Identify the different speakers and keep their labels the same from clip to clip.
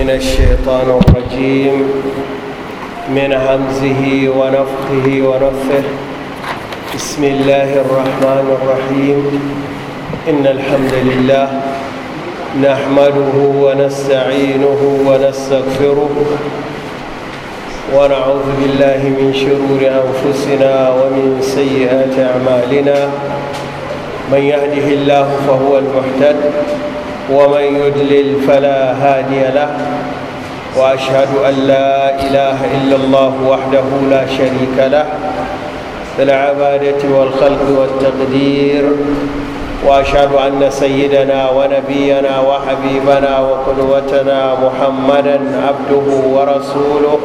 Speaker 1: من الشيطان الرجيم من همزه ونفقه ونفه بسم الله الرحمن الرحيم إن الحمد لله نحمده ونستعينه ونستغفره ونعوذ بالله من شرور أنفسنا ومن سيئات أعمالنا من يهده الله فهو المحتد ومن يدلل فلا هادي له واشهد ان لا اله الا الله وحده لا شريك له في العباده والخلق والتقدير واشهد ان سيدنا ونبينا وحبيبنا وقدوتنا محمدا عبده ورسوله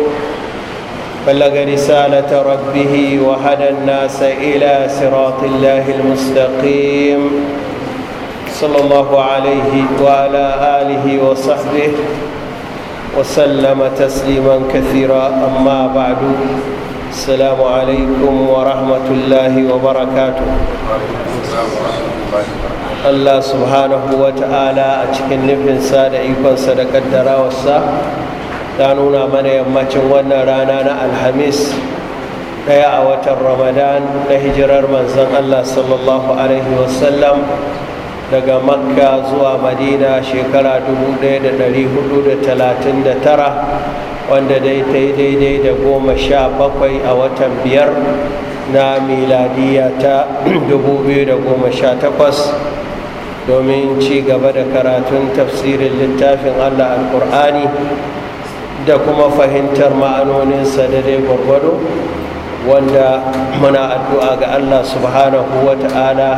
Speaker 1: بلغ رساله ربه وهدى الناس الى صراط الله المستقيم صلى الله عليه وعلى آله وصحبه وسلم تسليما كثيرا أما بعد السلام عليكم ورحمة الله وبركاته Allah subhanahu wa ta'ala a cikin nufinsa da ikonsa da kaddarawarsa ta nuna mana yammacin wannan rana na alhamis daya a watan ramadan na hijirar manzon Allah sallallahu alaihi wasallam daga makka zuwa madina shekara 1439 wanda dai ta yi daidai da goma sha bakwai a watan biyar na miladiya ta 2018 domin ci gaba da karatun tafsirin littafin allah alkur'ani da kuma fahimtar ma'anoninsa da dai gwagwado wanda muna addu'a ga allah subhanahu wa ta'ala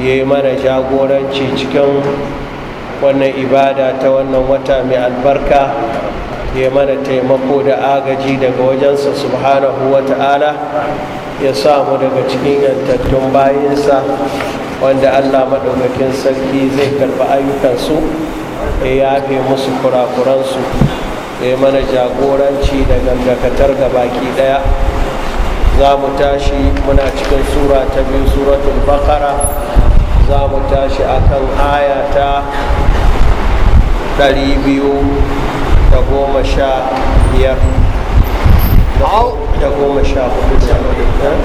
Speaker 1: ya yi mana jagoranci cikin wannan ibada ta wannan wata mai albarka ya mana taimako da agaji daga wajensa subhanahu wa ta'ala ya samu daga cikin yantattun bayansa wanda allah maɗaukakin sarki zai karɓi ayyukansu ya yafe musu kurakuransu ya mana jagoranci da gangakatar baki ɗaya za mu tashi muna cikin sura ta biyu suratul bakara za mu tashi a kan ayata 215 da goma sha hudu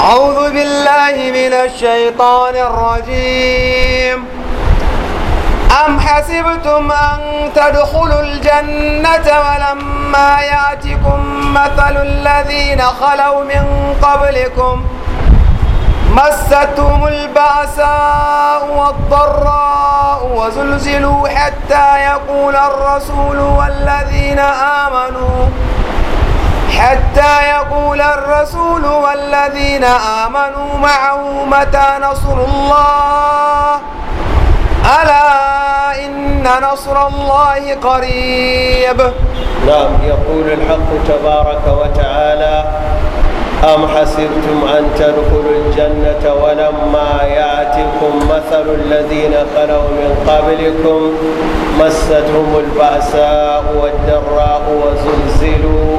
Speaker 2: أعوذ بالله من الشيطان الرجيم أم حسبتم أن تدخلوا الجنة ولما يأتكم مثل الذين خلوا من قبلكم ۖ مستهم البأساء والضراء وزلزلوا حتى يقول الرسول والذين آمنوا حتى يقول الرسول والذين آمنوا معه متى نصر الله ألا إن نصر الله قريب
Speaker 1: نعم يقول الحق تبارك وتعالى أم حسبتم أن تدخلوا الجنة ولما يأتكم مثل الذين خلوا من قبلكم مستهم البأساء والضراء وزلزلوا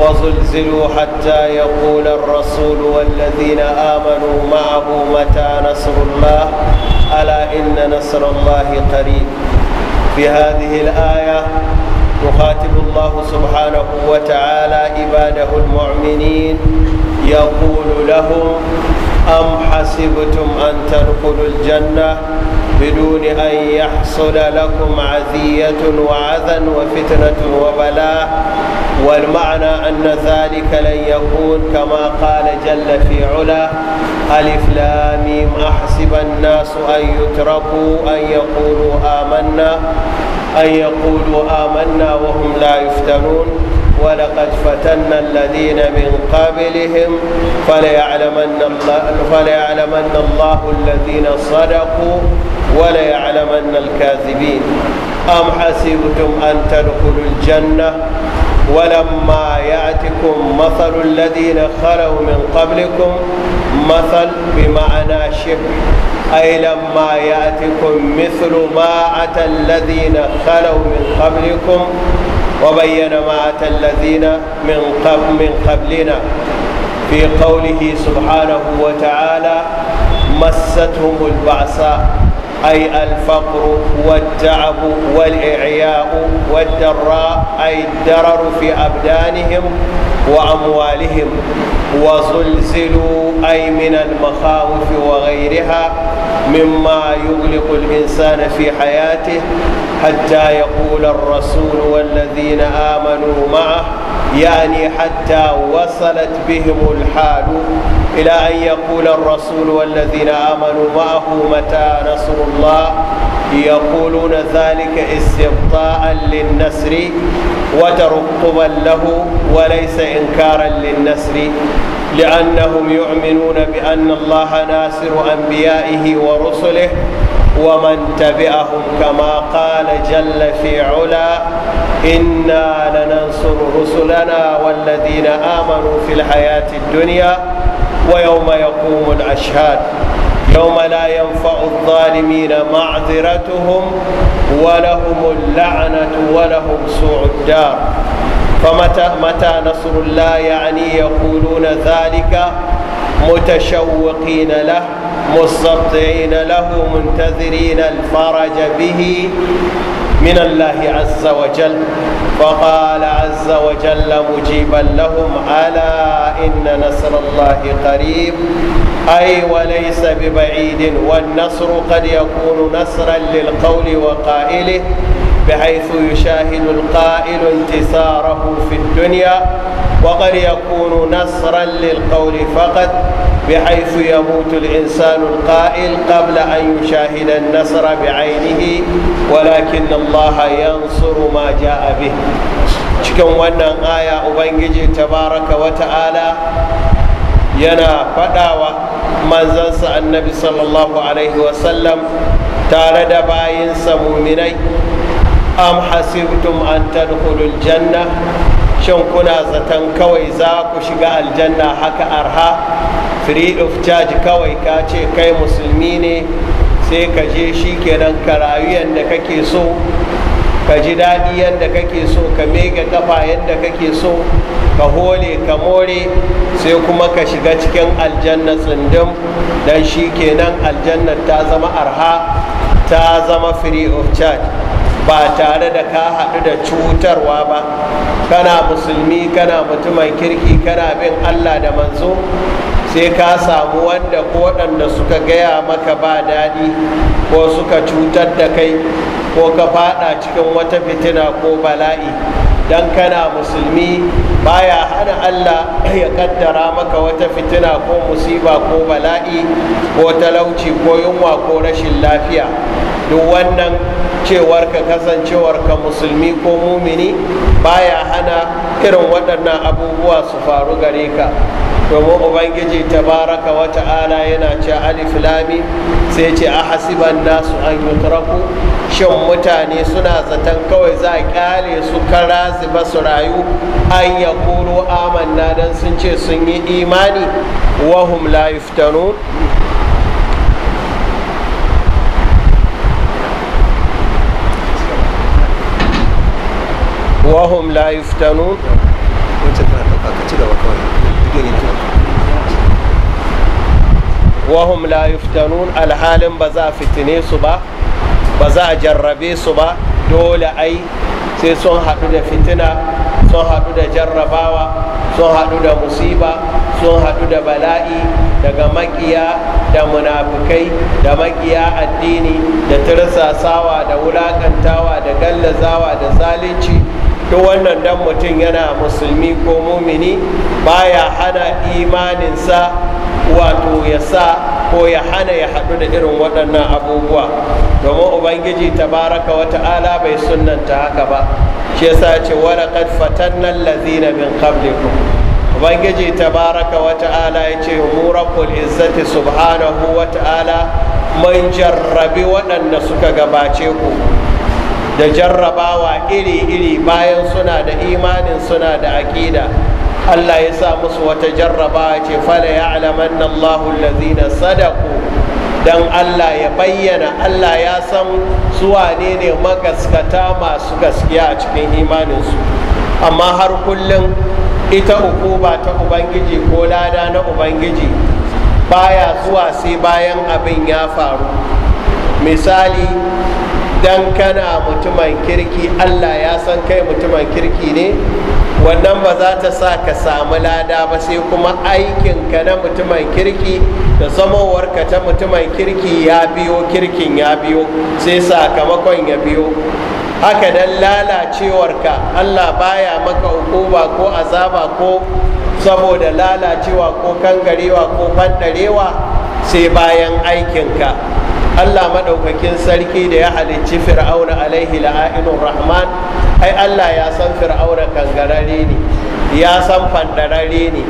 Speaker 1: وزلزلوا حتى يقول الرسول والذين آمنوا معه متى نصر الله ألا إن نصر الله قريب في هذه الآية يخاطب الله سبحانه وتعالى عباده المؤمنين يقول لهم أم حسبتم أن تدخلوا الجنة بدون أن يحصل لكم عذية وعذا وفتنة وبلاء والمعنى أن ذلك لن يكون كما قال جل في علا ألف لاميم أحسب الناس أن يتركوا أن يقولوا آمنا أن يقولوا آمنا وهم لا يفتنون ولقد فتنا الذين من قبلهم فليعلمن الله, فليعلمن الله الذين صدقوا وليعلمن الكاذبين أم حسبتم أن تدخلوا الجنة ولما يأتكم مثل الذين خلوا من قبلكم مثل بمعنى شبه أي لما يأتكم مثل ما أتى الذين خلوا من قبلكم وبين ما أتى الذين من قبل من قبلنا في قوله سبحانه وتعالى مستهم البعثاء أي الفقر والتعب والإعياء والدراء أي الدرر في أبدانهم وأموالهم وزلزلوا أي من المخاوف وغيرها مما يغلق الإنسان في حياته حتى يقول الرسول والذين آمنوا معه يعني حتى وصلت بهم الحال إلى أن يقول الرسول والذين آمنوا معه متى نصر الله يقولون ذلك استبطاء للنسر وترقبا له وليس إنكارا للنسر لأنهم يؤمنون بأن الله ناصر أنبيائه ورسله ومن تبعهم كما قال جل في علا إنا لننصر رسلنا والذين آمنوا في الحياة الدنيا ويوم يقوم الأشهاد يوم لا ينفع الظالمين معذرتهم ولهم اللعنة ولهم سوء الدار فمتى متى نصر الله يعني يقولون ذلك متشوقين له مستطيعين له منتظرين الفرج به من الله عز وجل فقال عز وجل مجيبا لهم ألا إن نصر الله قريب أي وليس ببعيد والنصر قد يكون نصرا للقول وقائله بحيث يشاهد القائل انتصاره في الدنيا وقد يكون نصرا للقول فقط بحيث يموت الإنسان القائل قبل أن يشاهد النصر بعينه ولكن الله ينصر ما جاء به cikin wannan aya ubangiji tabaraka wata'ala yana fadawa manzansa annabi sallallahu alaihi wasallam tare da bayinsa muminai am hasibtum an tadkhulul janna shin kuna zaton kawai za ku shiga aljanna haka arha free of charge kawai ka ce kai musulmi ne sai ka je shi kenan ka rayu yadda kake so ka ji daɗi yadda kake so ka mega kafa yadda kake so ka hole ka more sai kuma ka shiga cikin aljanna tsindin don shi kenan aljannar ta zama arha ta zama free of charge ba tare da ka haɗu da cutarwa ba kana musulmi kana mutumin kirki kana bin allah da manzo sai ka samu wanda ko waɗanda suka gaya maka ba daɗi ko suka cutar da kai ko ka faɗa cikin wata fitina ko bala'i dan kana musulmi baya hana Allah ya kaddara maka wata fitina ko musiba ko bala'i ko talauci ko yunwa ko rashin lafiya duk wannan cewar ka kasancewar ka musulmi ko mumini baya hana irin waɗannan abubuwa su faru gare ka domin ubangiji tabaraka wa ta'ala yana ce alif lami sai ce a hasiban nasu an yutraku shin mutane suna zaton kawai za a kyale su kara ba su rayu an ya kuro amanna don sun ce sun yi imani wahum la wahum la yuftanu wahum la yuftanun alhalin ba za a fitine su ba ba za a jarrabe su ba dole ai sai sun haɗu da fitina sun haɗu da jarrabawa sun haɗu da musiba sun haɗu da bala'i daga makiya da munafikai da makiya addini da tirsasawa da wulakantawa da gallazawa da zalunci wannan dan mutum yana musulmi ko mumini baya hana imaninsa wato ya sa ko ya hana ya haɗu da irin waɗannan abubuwa domin ubangiji tabaraka wa ta'ala bai sunanta haka ba shi yasa ce wala nan fatanna min qablikum ubangiji tabaraka wa ta'ala ya ce murabbul izzati subhanahu wa ta'ala mun jarrabi waɗanda suka gabace ku da jarrabawa iri-iri bayan suna da imanin suna da aƙida allah ya sa musu wata jarrabawa ce fala ya alaman allahu lazina sadaku don allah ya bayyana allah ya san suwa ne ne magaskata masu gaskiya a cikin imaninsu amma har kullum ita uku ba ta ubangiji ko lada na ubangiji baya zuwa sai bayan abin ya faru misali idan kana mutumin kirki allah ya san kai mutumin kirki ne wannan ba za ta sa ka samu lada ba sai kuma aikinka na mutumin kirki da samowarka ta mutumin kirki ya biyo kirkin ya biyo sai sakamakon ya biyo haka dan lalacewarka allah baya maka hukuma ko azaba ko saboda lalacewa ko kangarewa ko fandarewa sai bayan aikinka Allah maɗaukakin sarki da ya halicci fir'auna alaihi la'ainur rahman ai Allah ya san fir'auna kangarare ne ya san fandarare ne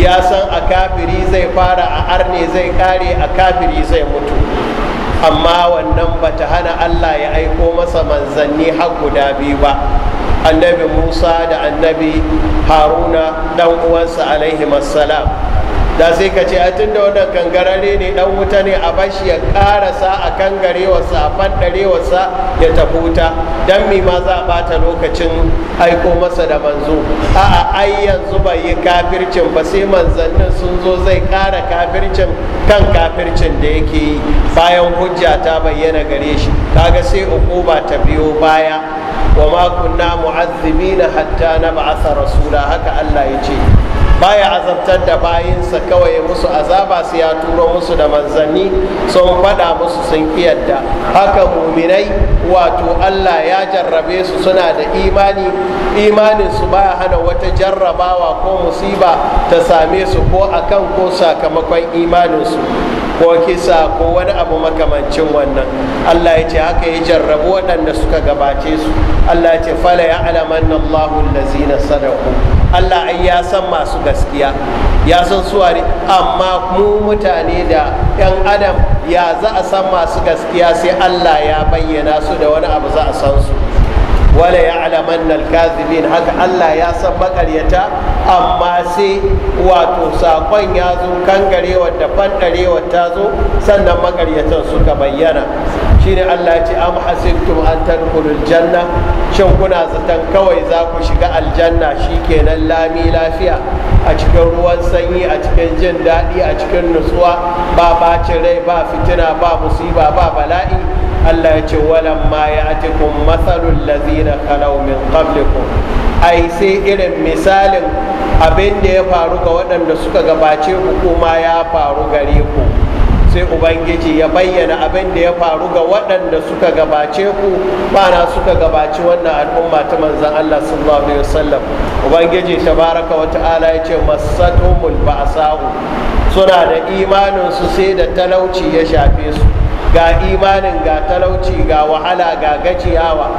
Speaker 1: ya san a kafiri zai fara a arne zai kare a kafiri zai mutu amma wannan bata hana Allah ya aiko masa manzanni har guda biyu ba annabi Musa da annabi Haruna dan uwansa alaihi salam da sai ka ce a tun da wannan kangarare ne dan wuta ne a bashi ya karasa a kangarewarsa a faɗarewarsa ya tafi wuta don mi ma za a bata lokacin aiko masa da manzo a'a ai yanzu bai yi kafircin ba sai manzannin sun zo zai kara kafircin kan kafircin da yake yi bayan hujja ta bayyana gare shi kaga sai ukuba ta biyo baya wa ma kunna mu'azzibina hatta na rasula haka Allah ya ce baya azabtar da bayinsa kawai musu azaba su ya turo musu da manzanni sun faɗa musu sun kiyarda haka muminai wato Allah ya jarrabe su suna da imani imanin su baya hana wata jarrabawa ko musiba ta same su ko akan ko sakamakon imanin su ko kisa ko wani abu makamancin wannan Allah ya ce haka ya jarrabu waɗanda suka gabace su Allah ya ce fala ya alamanna Allahu allazina sadaqu allah ai ya san masu gaskiya ya san suware amma mu mutane da 'yan adam ya za a san masu gaskiya sai allah ya bayyana su da wani abu za a san su wala ya alaman alkazibin haka allah ya san makaryata amma sai wato sakon ya zo kangarewa da fadarewa ta zo sannan makaryatan suka bayyana shine Allah ya ce am hasibtum an tadkhulul janna shin kuna zaton kawai za ku shiga aljanna Shi shikenan lami lafiya a cikin ruwan sanyi a cikin jin daɗi a cikin nutsuwa ba bacin rai ba fitina ba musiba ba bala'i Allah ya ce walan ma ya'tikum masalul ladzina khalaw min qablikum ai sai irin misalin abin da ya faru ga waɗanda suka gabace ku kuma ya faru gare ku sai ubangiji ya bayyana abin da ya faru ga waɗanda suka gabace ku bana suka gabaci wannan al'umma ta manzan Allah sallallahu alaihi wasallam ubangiji tabaraka wa ta'ala ya ce masatumul ba'sa'u suna da imanin su sai da talauci ya shafe su ga imanin ga talauci ga wahala ga gajiyawa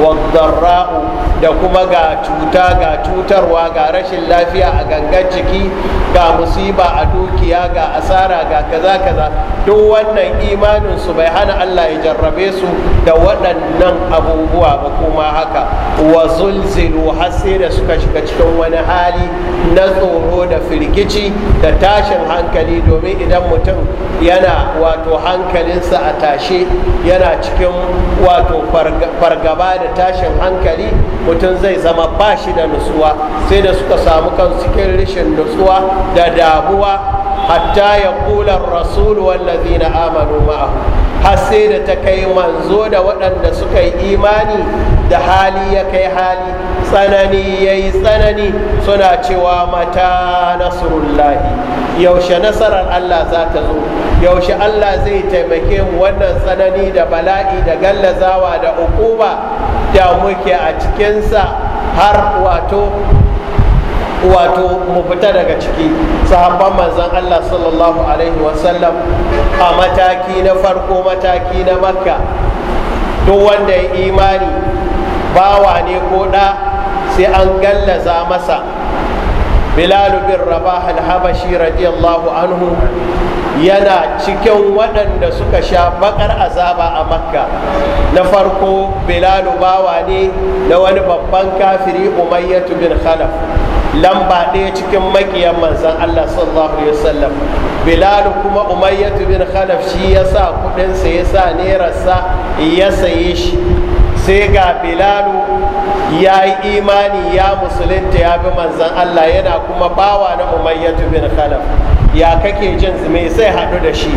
Speaker 1: wadarra'u da kuma ga cuta ga cutarwa ga rashin lafiya a gangan ciki ga musiba a dukiya ga asara ga kaza kaza duk wannan imanin su bai hana Allah ya jarrabe su da waɗannan abubuwa ba kuma haka wa zulzilu har sai da suka shiga cikin wani hali na tsoro da firgici da tashin hankali domin idan mutum yana wato hankalinsa hankalinsa a tashe yana cikin wato fargaba da tashin hankali mutum zai zama ba shi da nutsuwa sai da suka samu kan cikin rishin nutsuwa da damuwa hatta ya kula rasulu wallazi na amanu ma'ahu har sai da ta kai manzo da waɗanda suka yi imani da hali ya kai hali tsanani ya yi tsanani suna cewa mata nasurullahi yaushe nasarar allah za ta zo yaushe Allah zai taimake wannan tsanani da bala'i da gallazawa da ukuba da muke a cikinsa har wato wato mu fita daga ciki sahabban manzon Allah sallallahu alaihi wasallam a mataki na farko mataki na makka duk wanda ya imani bawa ne ko ɗa sai an gallaza masa bilalu bin rabah al-habashi radiyallahu anhu yana cikin waɗanda suka sha bakar azaba a makka na farko bilalu bawa ne na wani babban kafiri umayyatu bin khalaf lamba ɗaya cikin makiyan manzan allah sallallahu alaihi wasallam bilalu kuma umayyatu bin khalaf shi ya sa kuɗinsa ya sa nerarsa ya saye shi sai ga bilalu ya yi imani ya musulunta ya bi manzan allah yana kuma bawa na umayyatu bin khalaf ya kake jin me sai haɗu da shi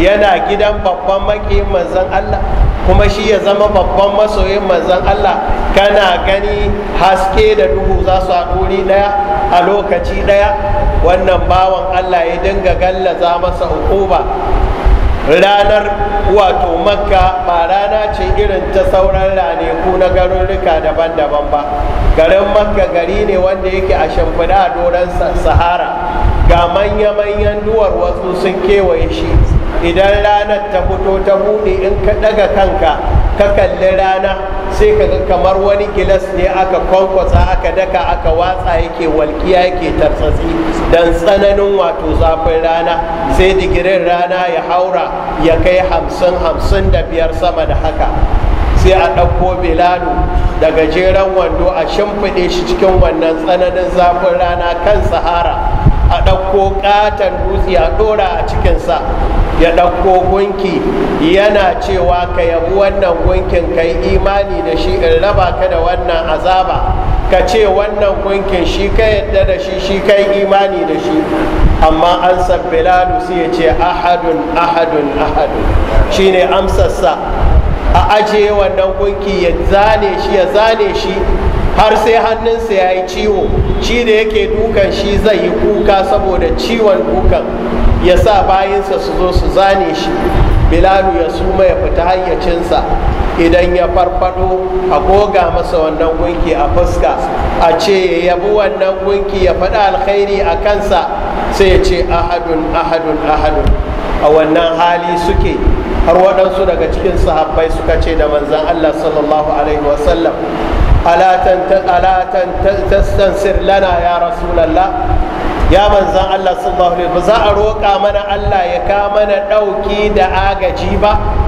Speaker 1: yana gidan babban makiyin manzan Allah kuma shi ya zama babban masoyin manzan Allah kana gani haske da duhu za su haɗu ni ɗaya a lokaci ɗaya wannan bawan Allah ya dinga gallaza masa ba? ranar wato makka ba rana ce irin ta sauran raneku na garurruka daban-daban ba garin makka gari ne wanda yake a shimfiɗa a doron sahara ga manya-manyan nuwar wasu sun kewaye shi idan ranar ta fito ta buɗe in ka daga kanka ka kalli rana sai ka kamar wani gilas ne aka kwankwasa aka daka aka watsa yake walkiya yake tarsatsi don tsananin wato zafin rana sai digirin rana ya haura ya kai hamsin hamsin da biyar sama da haka sai a ɗauko biladu da gajeren wando a shimfiɗe shi cikin wannan tsananin zafin rana kan sahara a ɗauko ƙaton dutse a ɗora a cikinsa ya ɗauko gunki yana cewa ka yabi wannan gunkin ka imani da shi in raba ka da wannan azaba ka ce wannan gunkin shi ka yadda da shi shi ka imani da shi amma an sabbilalu sai ya ce ahadun ahadun ahadun shi ne amsarsa a ajiye wannan gunki ya zane shi ya zane shi har sai hannunsa ya yi ciwo shi da yake dukan shi zai yi kuka saboda ciwon dukan ya sa bayinsa su zo su zane shi bilalu ya suma ya fita hayyacinsa idan ya farfado a goga masa wannan gunki a fuska a ce ya yabi wannan gunki ya faɗa alkhairi a kansa sai ya ce ahadun ahadun ahadun a wannan hali suke har waɗansu daga cikin sahabbai suka ce da manzan allah sallallahu alaihi wasallam ala tastansir lana ya rasulallah ya manzan Allah sallallahu alaihi ba za a roƙa mana Allah ya ka mana ɗauki da agaji ba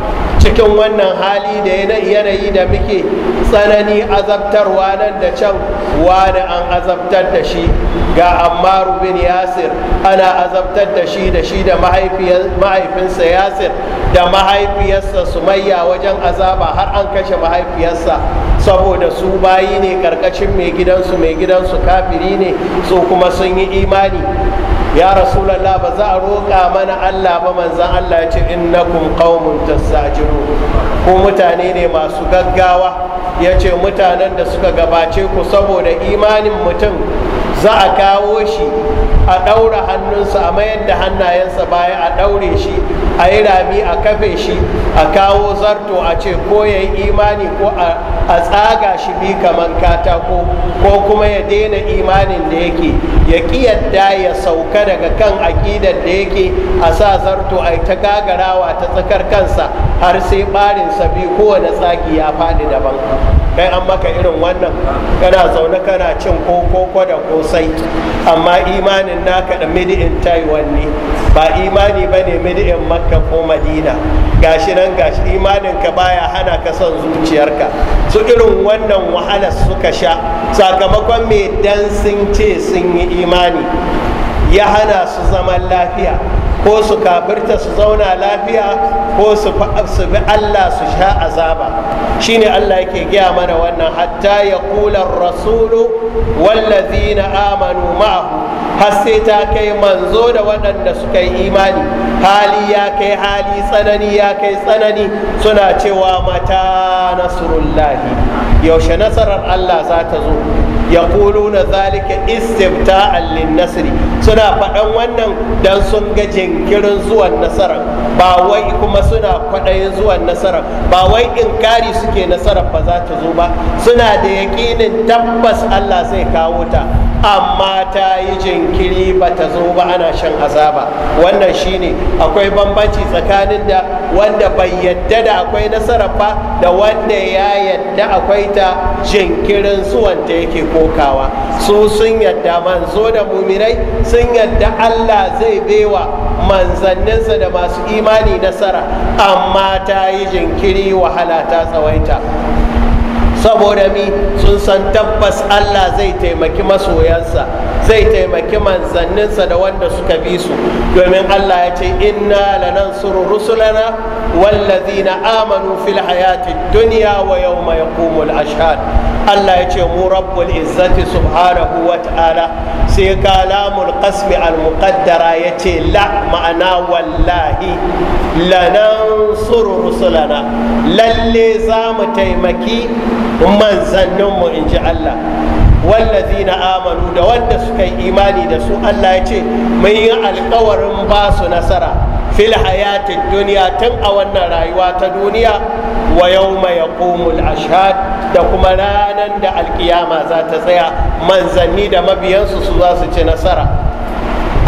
Speaker 1: cikin wannan hali da yanayi da muke tsanani azabtarwa nan da can wani an azabtar da shi ga ammaru bin yasir ana azabtar da shi da shi da mahaifinsa yasir da mahaifiyarsa sumayya wajen azaba har an kashe mahaifiyarsa saboda su bayi ne karkashin mai gidansu mai gidansu kafiri ne su kuma sun yi imani ya rasulallah ba za a roƙa mana allah ba manzan allah ya ce innakum qaumun tastajiru ku mutane ne masu gaggawa ya ce mutanen da suka gabace ku saboda imanin mutum za a kawo shi a ɗaura hannunsa a mayar da hannayensa baya a ɗaure shi a yi rami a kafe shi a kawo zarto a ce ko ya yi imani ko a tsaga shi bi kamar katako ko kuma ya daina imanin da yake ya ƙi yadda ya sauka daga kan aƙidar da yake a sa zarto a ta gagarawa ta tsakar kansa har sai ɓarinsa bi kowane tsagi ya faɗi daban kai an maka irin wannan kana zaune kana cin ko ko da ko sosai amma imanin naka da midi'in taiwan ne ba imani ba ne midi'in makka ko madina gashi nan gashi imanin ka baya hana ka son zuciyarka su irin wannan wahalar suka sha sakamakon mai dan sun ce sun yi imani ya hana su zaman lafiya ko su kafirta su zauna lafiya ko su bi Allah su sha azaba shine Allah yake gaya mana wannan hatta ya kula rasulu na amanu ma'ahu har sai ta kai manzo da waɗanda suka yi imani hali ya kai hali tsanani ya kai tsanani suna cewa mata nasurullahi yaushe nasarar Allah za ta zo yaquluna zalika istibta'an lin-nasri suna faɗan wannan dan sun ga jinkirin zuwan nasara ba wai kuma suna kwaɗayin zuwan nasara ba wai inkari suke nasarar ba za ta zo ba suna da yaƙinin tabbas Allah zai kawo ta amma ta yi jinkiri ba ta zo ba ana shan azaba wannan shine akwai bambanci tsakanin da wanda bai yadda da akwai nasara ba da wanda ya yadda akwai ta jinkirin zuwan ta yake kokawa su sun yadda manzo da mumirai sun yadda allah zai baiwa manzanninsa da masu imani nasara amma ta yi jinkiri wahala ta tsawaita saboda mi sun san tabbas allah zai taimaki masoyansa zai taimaki manzanninsa da wanda suka bi su domin allah ya ce inna lanansuru rusulana wallazina amanu fil hayati dunya wa yawma yaqumul ashad Allah ya ce mu rabbul izzati subhanahu wa ta'ala sai kalamul lamul qasmi al muqaddara ya ce la ma'ana wallahi lanan suru rusulana lalle za mu taimaki manzanninmu in ji Allah na amanu da wanda suka yi imani da su Allah ya ce mun yi alkawarin ba su nasara fil hayatin duniya tun a wannan rayuwa ta duniya wa yawma yaqumul ashhad da kuma ranar da alkiyama za ta tsaya manzanni da mabiyansu su za su ci nasara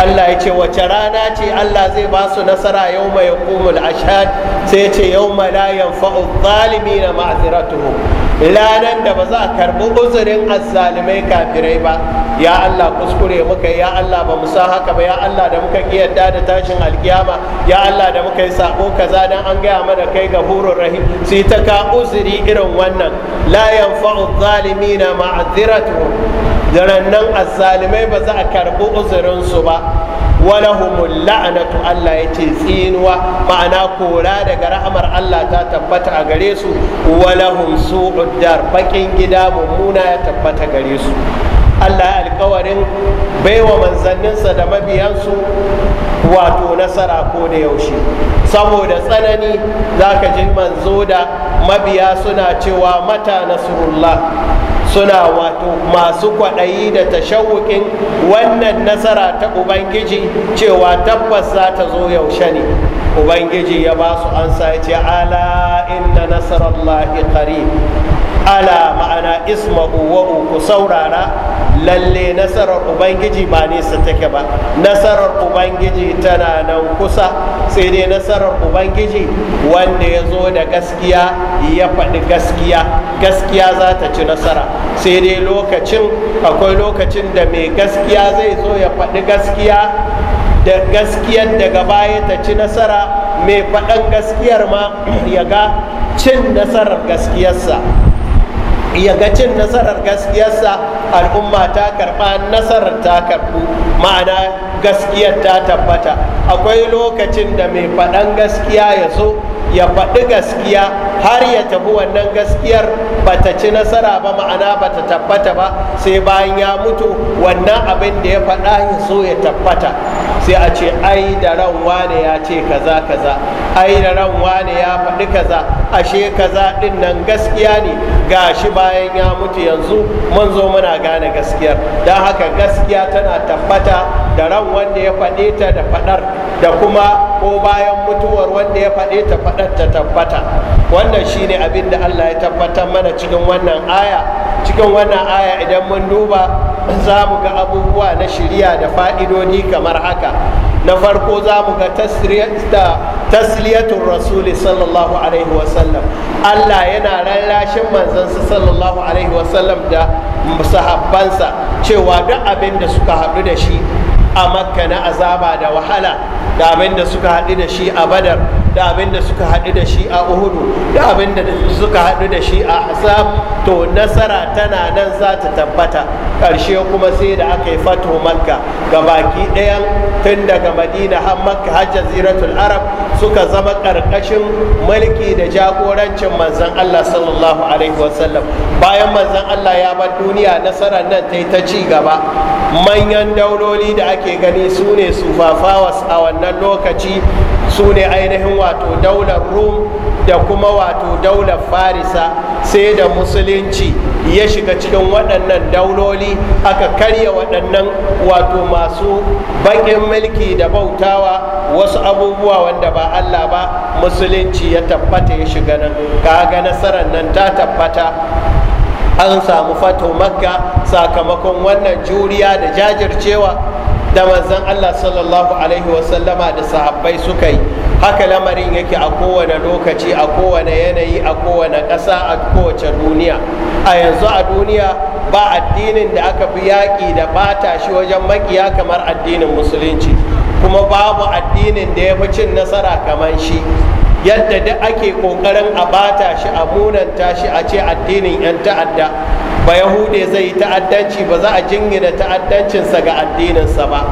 Speaker 1: Allah ya ce wace rana ce Allah zai ba su nasara yau mai hukumul ashad sai ce yau ma la yanfa'u zalimi na ma'aziratuhum ranar da ba za a karɓi uzurin azzalimai kafirai ba ya Allah kuskure muka ya Allah ba mu haka ba ya Allah da muka kiyarda da tashin alkiyama ya Allah da muka yi sako kaza dan an gaya mana kai hurun rahim su ta ka uzuri irin wannan la yanfa'u na ma'adhiratu da nan ba za a karɓi uzurin su ba walahumul la'natu Allah ya ce tsinuwa ma'ana kora daga rahamar Allah ta tabbata a gare su walahum su'ud dar bakin gida mummuna ya tabbata gare su Allah alkawarin baiwa manzanninsa da mabiyansu wato nasara ko da yaushe saboda tsanani za ka ji manzo da mabiya suna cewa mata nasrullah suna wato masu kwaɗayi da tashawukin wannan nasara ta ubangiji cewa tabbas za ta zo yaushe ne ubangiji ya ba su ansa ya ce ala inna Nasarar qarib ala ma'ana isma wa'u ku saurara lalle nasarar ubangiji ba nesa take ba nasarar ubangiji tana nan kusa sai dai nasarar ubangiji wanda ya zo da gaskiya ya faɗi gaskiya gaskiya za ta ci nasara sai dai lokacin akwai lokacin da mai gaskiya zai zo ya faɗi gaskiya da gaskiyar daga baya ta ci nasara mai faɗan gaskiyar ma ya ga cin nasarar gaskiyarsa ya ga cin nasarar gaskiyarsa al'umma ta karɓa nasarar ta karɓu ma'ana gaskiyar ta tabbata akwai lokacin da mai faɗan gaskiya ya zo ya faɗi gaskiya har ya tafi wannan gaskiyar bata ci nasara ba ma'ana bata tabbata ba sai bayan ya mutu wannan abin da ya faɗa ya so ya tabbata sai a ce ai da ran wane ya ce kaza kaza ai da ran wane ya faɗi kaza ashe kaza ɗin nan gaskiya ne ga shi bayan ya mutu yanzu mun zo muna gane gaskiyar da haka gaskiya tana tabbata da ran wanda ya faɗe ta da faɗar da kuma ko bayan mutuwar wanda ya faɗe ta faɗar ta tabbata wannan shine abin da Allah ya tabbatar mana cikin wannan aya cikin wannan aya idan mun duba za mu ga abubuwa na shirya da fa'idodi kamar haka na farko za mu ga tasliyatun rasuli sallallahu alaihi wasallam allah yana rarrashin manzansa sallallahu alaihi wasallam da sahabbansa cewa duk abin da suka haɗu da shi a makka na azaba da wahala da abin da suka haɗu da shi a badar da abin da suka haɗu da shi a uhudu da abin da suka haɗu da shi a hasab to nasara tana nan za ta tabbata ƙarshe kuma sai da aka yi fato makka ga baki ɗayan tun daga madina har makka har jaziratul arab suka zama ƙarƙashin mulki da jagorancin manzan allah sallallahu alaihi wasallam bayan manzan allah ya bar duniya nasarar nan ta yi ta ci gaba manyan dauloli da ake ake gani su ne sufafawas a wannan lokaci su ne ainihin wato daular rum da kuma wato daular farisa sai da musulunci ya shiga cikin waɗannan dauloli aka karya waɗannan wato masu baƙin mulki da bautawa wasu abubuwa wanda ba allah ba musulunci ya tabbata ya shiga nan kaga nasarar nan ta tabbata an samu fato makka sakamakon wannan juriya da jajircewa da manzan Allah sallallahu alaihi wasallama da sahabbai suka yi haka lamarin yake a kowane lokaci a kowane yanayi a kowane ƙasa a kowace duniya a yanzu a duniya ba addinin da aka fi yaƙi da ta shi wajen makiya kamar addinin musulunci kuma babu addinin da ya fi cin nasara kamar shi yadda da ake ƙoƙarin a bata shi a munanta shi a ce addinin 'yan ta'adda ba yahude zai yi ta'addanci ba za a jingina ta'addancinsa ga addininsa ba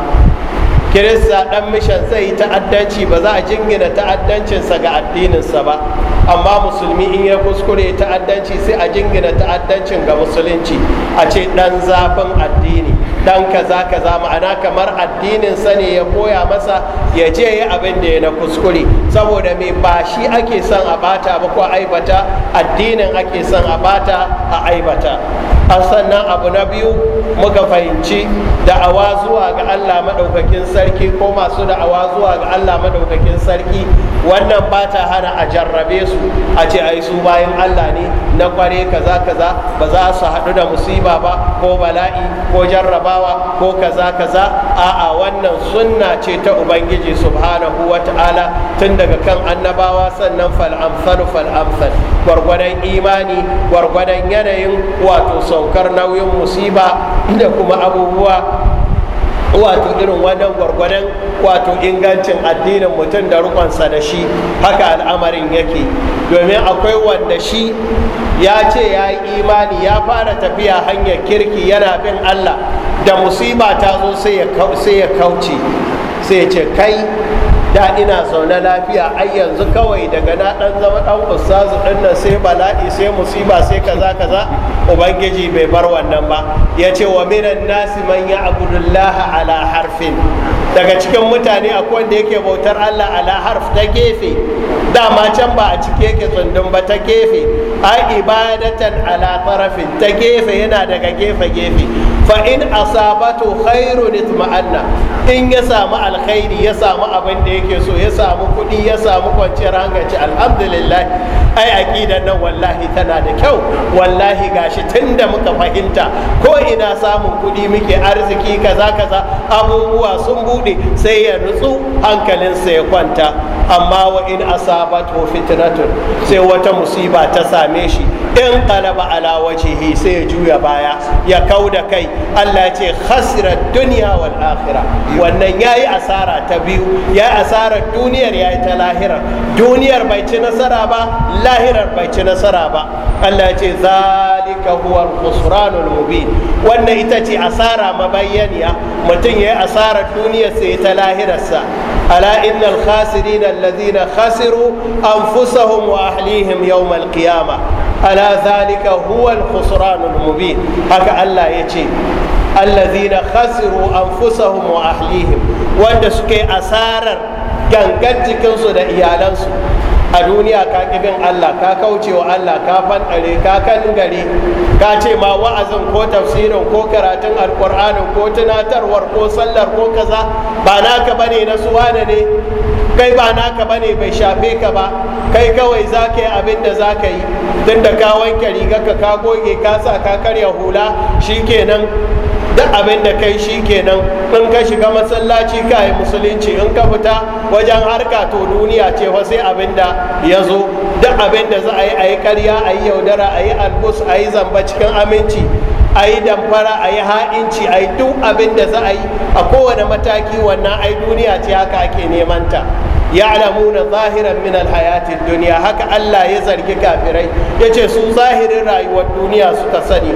Speaker 1: kirista dan mishan zai yi ta'addanci ba za a jingina ta'addancinsa ga addininsa ba amma musulmi in ya kuskure ta'addanci sai a jingina ta'addancin ga musulunci a ce dan zafin addini dan kaza kaza ma'ana kamar addinin sa ne ya koya masa ya je yi abin da ya na kuskure saboda mai ba shi ake son a bata ba ko aibata addinin ake son a bata a aibata a sannan abu na biyu muka fahimci da'awa zuwa ga allah maɗaukakin sarki ko masu da'awa zuwa ga allah maɗaukakin sarki wannan ba ta hana a jarrabe su a ce ai su bayan allah ne na kware kaza kaza ba za su haɗu da musiba ba ko bala'i ko jarrabawa ko kaza kaza a'a wannan sunna ce ta ubangiji subhanahu wa ta'ala tun daga kan annabawa sannan fal'amsalu fal'amsal gwargwadon imani gwargwadon yanayin wato saukar nauyin musiba da kuma abubuwa wato irin wannan gwargwadon wato ingancin addinin mutum da rukunsa da shi haka al'amarin yake domin akwai wanda shi ya ce ya yi imani ya fara tafiya hanyar kirki yana bin allah da musiba ta zo sai ya kauce sai ya ce kai da ina zaune lafiya ai yanzu kawai daga na dan zama dan ustazu din nan sai bala'i sai musiba sai kaza kaza ubangiji bai bar wannan ba ya ce wa minan nasi man ya'budullaha ala harfin daga cikin mutane akwai wanda yake bautar Allah ala harf ta gefe dama can ba a cike yake tsundun ba ta gefe ai ibadatan ala tarafin ta gefe yana daga gefe gefe fa in asabatu khairun itma'anna in ya samu alkhairi ya samu abin da yake so ya samu kuɗi ya samu kwanciyar hankaci alhamdulillah ai aƙidar nan wallahi tana da kyau wallahi gashi tun da muka fahimta ko ina samun kuɗi muke arziki kaza kaza abubuwa sun buɗe sai ya nutsu hankalinsa ya kwanta amma wa in asabatu fitnatun sai wata musiba ta same shi in qalaba ala wajhihi sai ya juya baya ya kauda kai Allah ya ce khasirat dunya wal akhirah wannan yayi asara ta biyu ya asara duniyar yayi ta lahira duniyar bai ci nasara ba lahirar bai ci nasara ba Allah ce zalika huwa al mubin wannan ita ce asara mabayyaniya mutum yayi asarar duniya sai ta lahirarsa ala innal khasirin alladhina khasiru anfusahum wa ahlihim yau al ala zalika huwa al mubin haka Allah ya ce alladhina khasiru anfusahum wa ahlihim wanda suke asarar gangar jikinsu da iyalansu a duniya ka bin Allah ka kauce wa Allah ka fanɗare ka gari ka ce ma wa'azin ko tafsirin ko karatun alƙur'anin ko tunatarwar ko sallar ko kaza ba naka ba ne na suwa ne kai ba naka ba ne bai shafe ka ba kai kawai za ka yi abin da za ka yi tun da ka wanke riga ka ka goge ka sa ka karya hula shi kenan duk abin da kai shi kenan in ka shiga masallaci ka yi musulunci in ka fita wajen harka to duniya ce fa sai abin da ya zo duk abin da za a yi a yi karya a yi yaudara a yi albus a yi zamba cikin aminci a yi damfara a yi ha'inci a yi duk abin da za a yi a kowane mataki wannan ai duniya ce haka ake neman ta ya'lamuna zahiran min alhayatid dunya haka Allah ya zargi kafirai yace su zahirin rayuwar duniya suka sani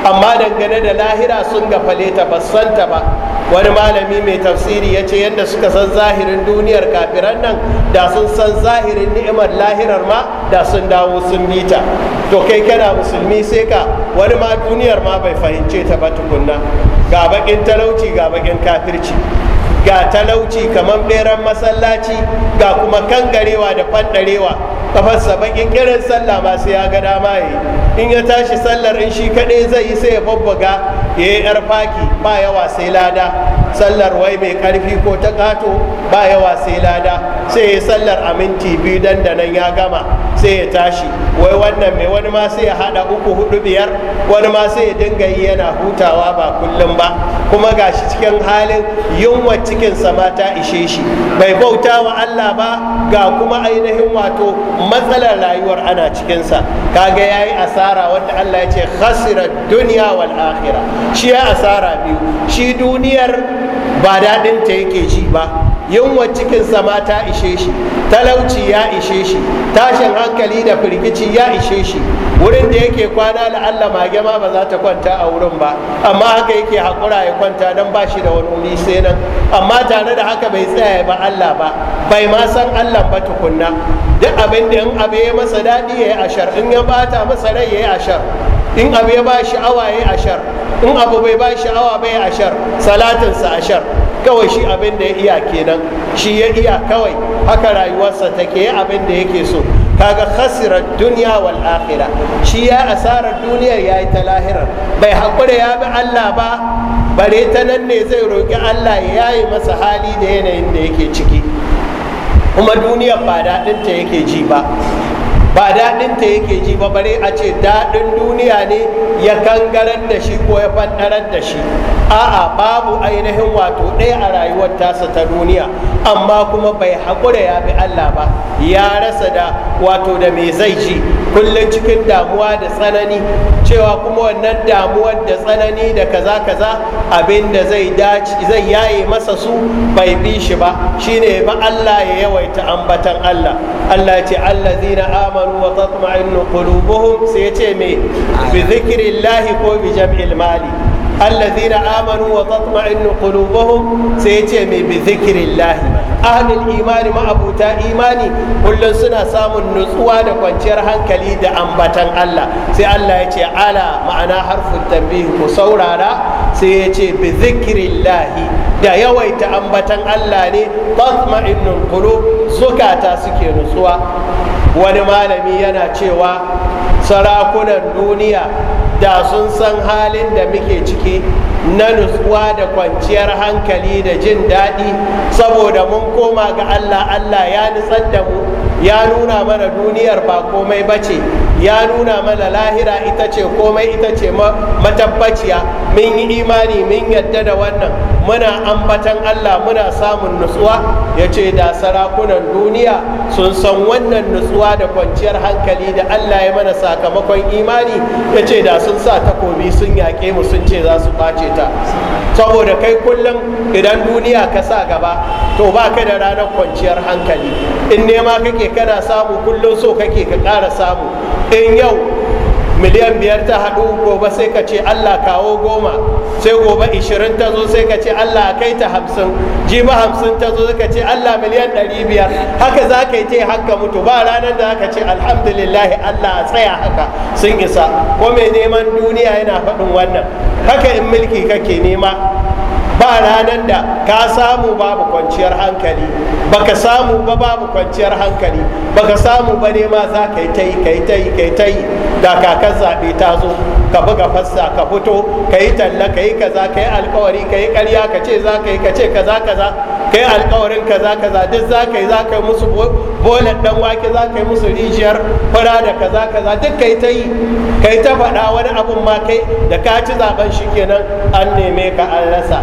Speaker 1: amma dangane da lahira sun gafale ta basanta ba wani malami mai tafsiri yace yadda suka san zahirin duniyar kafiran nan da sun san zahirin ni'imar lahirar ma da sun dawo sun bi ta to kai kana musulmi sai ka wani ma duniyar ma bai fahimce ta ba tukunna ga bakin talauci ga bakin kafirci ga talauci kamar beran masallaci ga kuma kangarewa da fandarewa kafarsa bakin irin sallah masu sai ya ga dama yi in ya tashi sallar in shi kaɗai zai yi sai ya babbaga ya yi yar faki ba yawa sai lada sallar wai mai karfi ko ta kato ba yawa sai lada sai ya yi sallar aminti minti biyu dandanan ya gama sai ya tashi wai wannan mai wani ma sai ya hada uku hudu biyar wani ma sai ya dinga yi yana hutawa ba kullum ba kuma ga shi cikin halin yunwa cikinsa ma ta ishe shi bai bauta wa Allah ba ga kuma ainihin wato matsalar rayuwar ana cikinsa kaga yayi asara wanda Allah ya ce khasirat duniya wal akhira shi ya asara biyu shi duniyar ba daɗin ta yake ji ba yunwa cikinsa ma ta ishe shi talauci ya ishe shi tashin hankali da firgici ya ishe shi wurin da yake kwana la'alla mage ma ba za ta kwanta a wurin ba amma haka yake haƙura ya kwanta don ba shi da wani wuri sai nan amma tare da haka bai tsaya ba Allah ba bai ma san Allah ba tukunna duk abin da in abu ya masa daɗi ya yi ashar in ya bata masa rai ya yi ashar in abu ya ba Awa ya yi ashar in abu bai ba shi sha'awa bai ashar salatinsa ashar kawai shi abin da ya iya kenan shi ya iya kawai haka rayuwarsa take ya abin da yake so kaga khasirar duniya wal akhira shi ya asarar duniyar yayi ta lahirar bai hakura ya bi Allah ba bare ta nan ne zai roki Allah ya yi masa hali da yanayin da yake ciki kuma duniyar ba daɗinta yake ji ba ba daɗinta yake ji ba bare a ce daɗin duniya ne ya kangaran da shi ko ya fanɗarar da shi a'a babu ainihin wato ɗaya a rayuwar tasa ta duniya amma kuma bai haƙura ya bi Allah ba ya rasa da wato da me zai ji kullum cikin damuwa da tsanani cewa kuma wannan damuwar da tsanani da kaza kaza abin da zai zai yaye masa su bai bi shi ba shine ba Allah ya yawaita ambatan Allah Allah ce Allah zina amanu amanu wa tatma'innu qulubuhum yace me bi zikrillahi ko bi jam'il mali allazina amanu wa tatma'innu qulubuhum sai yace me bi zikrillahi ahlul imani ma'abuta imani kullum suna samun nutsuwa da kwanciyar hankali da ambatan Allah sai Allah ya ce ala ma'ana harfin tambihi ku saurara sai yace ce bi zikirillahi da yawaita ambatan Allah ne tatma'innul qulub zukata suke nutsuwa wani malami yana cewa sarakunan duniya da sun san halin da muke ciki na nutsuwa da kwanciyar hankali da jin daɗi saboda mun koma ga allah allah ya nutsar da mu ya nuna mana duniyar ba komai bace ya nuna mana lahira ita ce komai ita ce matabbaciya mun yi imani mun yadda da wannan muna ambatan allah muna samun nutsuwa ya ce da sarakunan duniya sun san wannan nutsuwa da kwanciyar hankali da allah ya mana sakamakon imani ya ce da sun sa takobi sun yaƙe mu sun ce za su ɓace ta saboda kai kullum idan duniya ka sa gaba to ba ka da ranar kwanciyar hankali in nema kake kana samu kullum so kake ka ƙara samu in yau miliyan biyar ta haɗu gobe sai ka ce allah kawo goma sai gobe ishirin ta zo sai ka ce allah kai ta hamsin jima hamsin ta zo ka ce allah miliyan ɗari biyar haka za ka yi ta haka mutu ba ranar da aka ce alhamdulillahi allah a tsaya haka sun isa ko mai neman duniya yana faɗin wannan haka in mulki kake nema ba ranar da ka samu babu kwanciyar hankali baka samu ba babu kwanciyar hankali baka samu ba ne ma za ka yi ta yi ka yi ta yi ka yi ta yi da kakan zaɓe ta zo ka buga fassa ka fito ka yi talla ka yi kaza ka yi alkawari ka yi ƙarya ka ce za ka yi ka ce kaza kaza ka yi alkawarin kaza kaza duk za ka yi za ka yi musu bolan dan wake za ka yi musu rijiyar fura da kaza kaza duk ka yi ta yi ka yi ta faɗa wani abun ma kai da ka ci zaben shi kenan an neme ka an rasa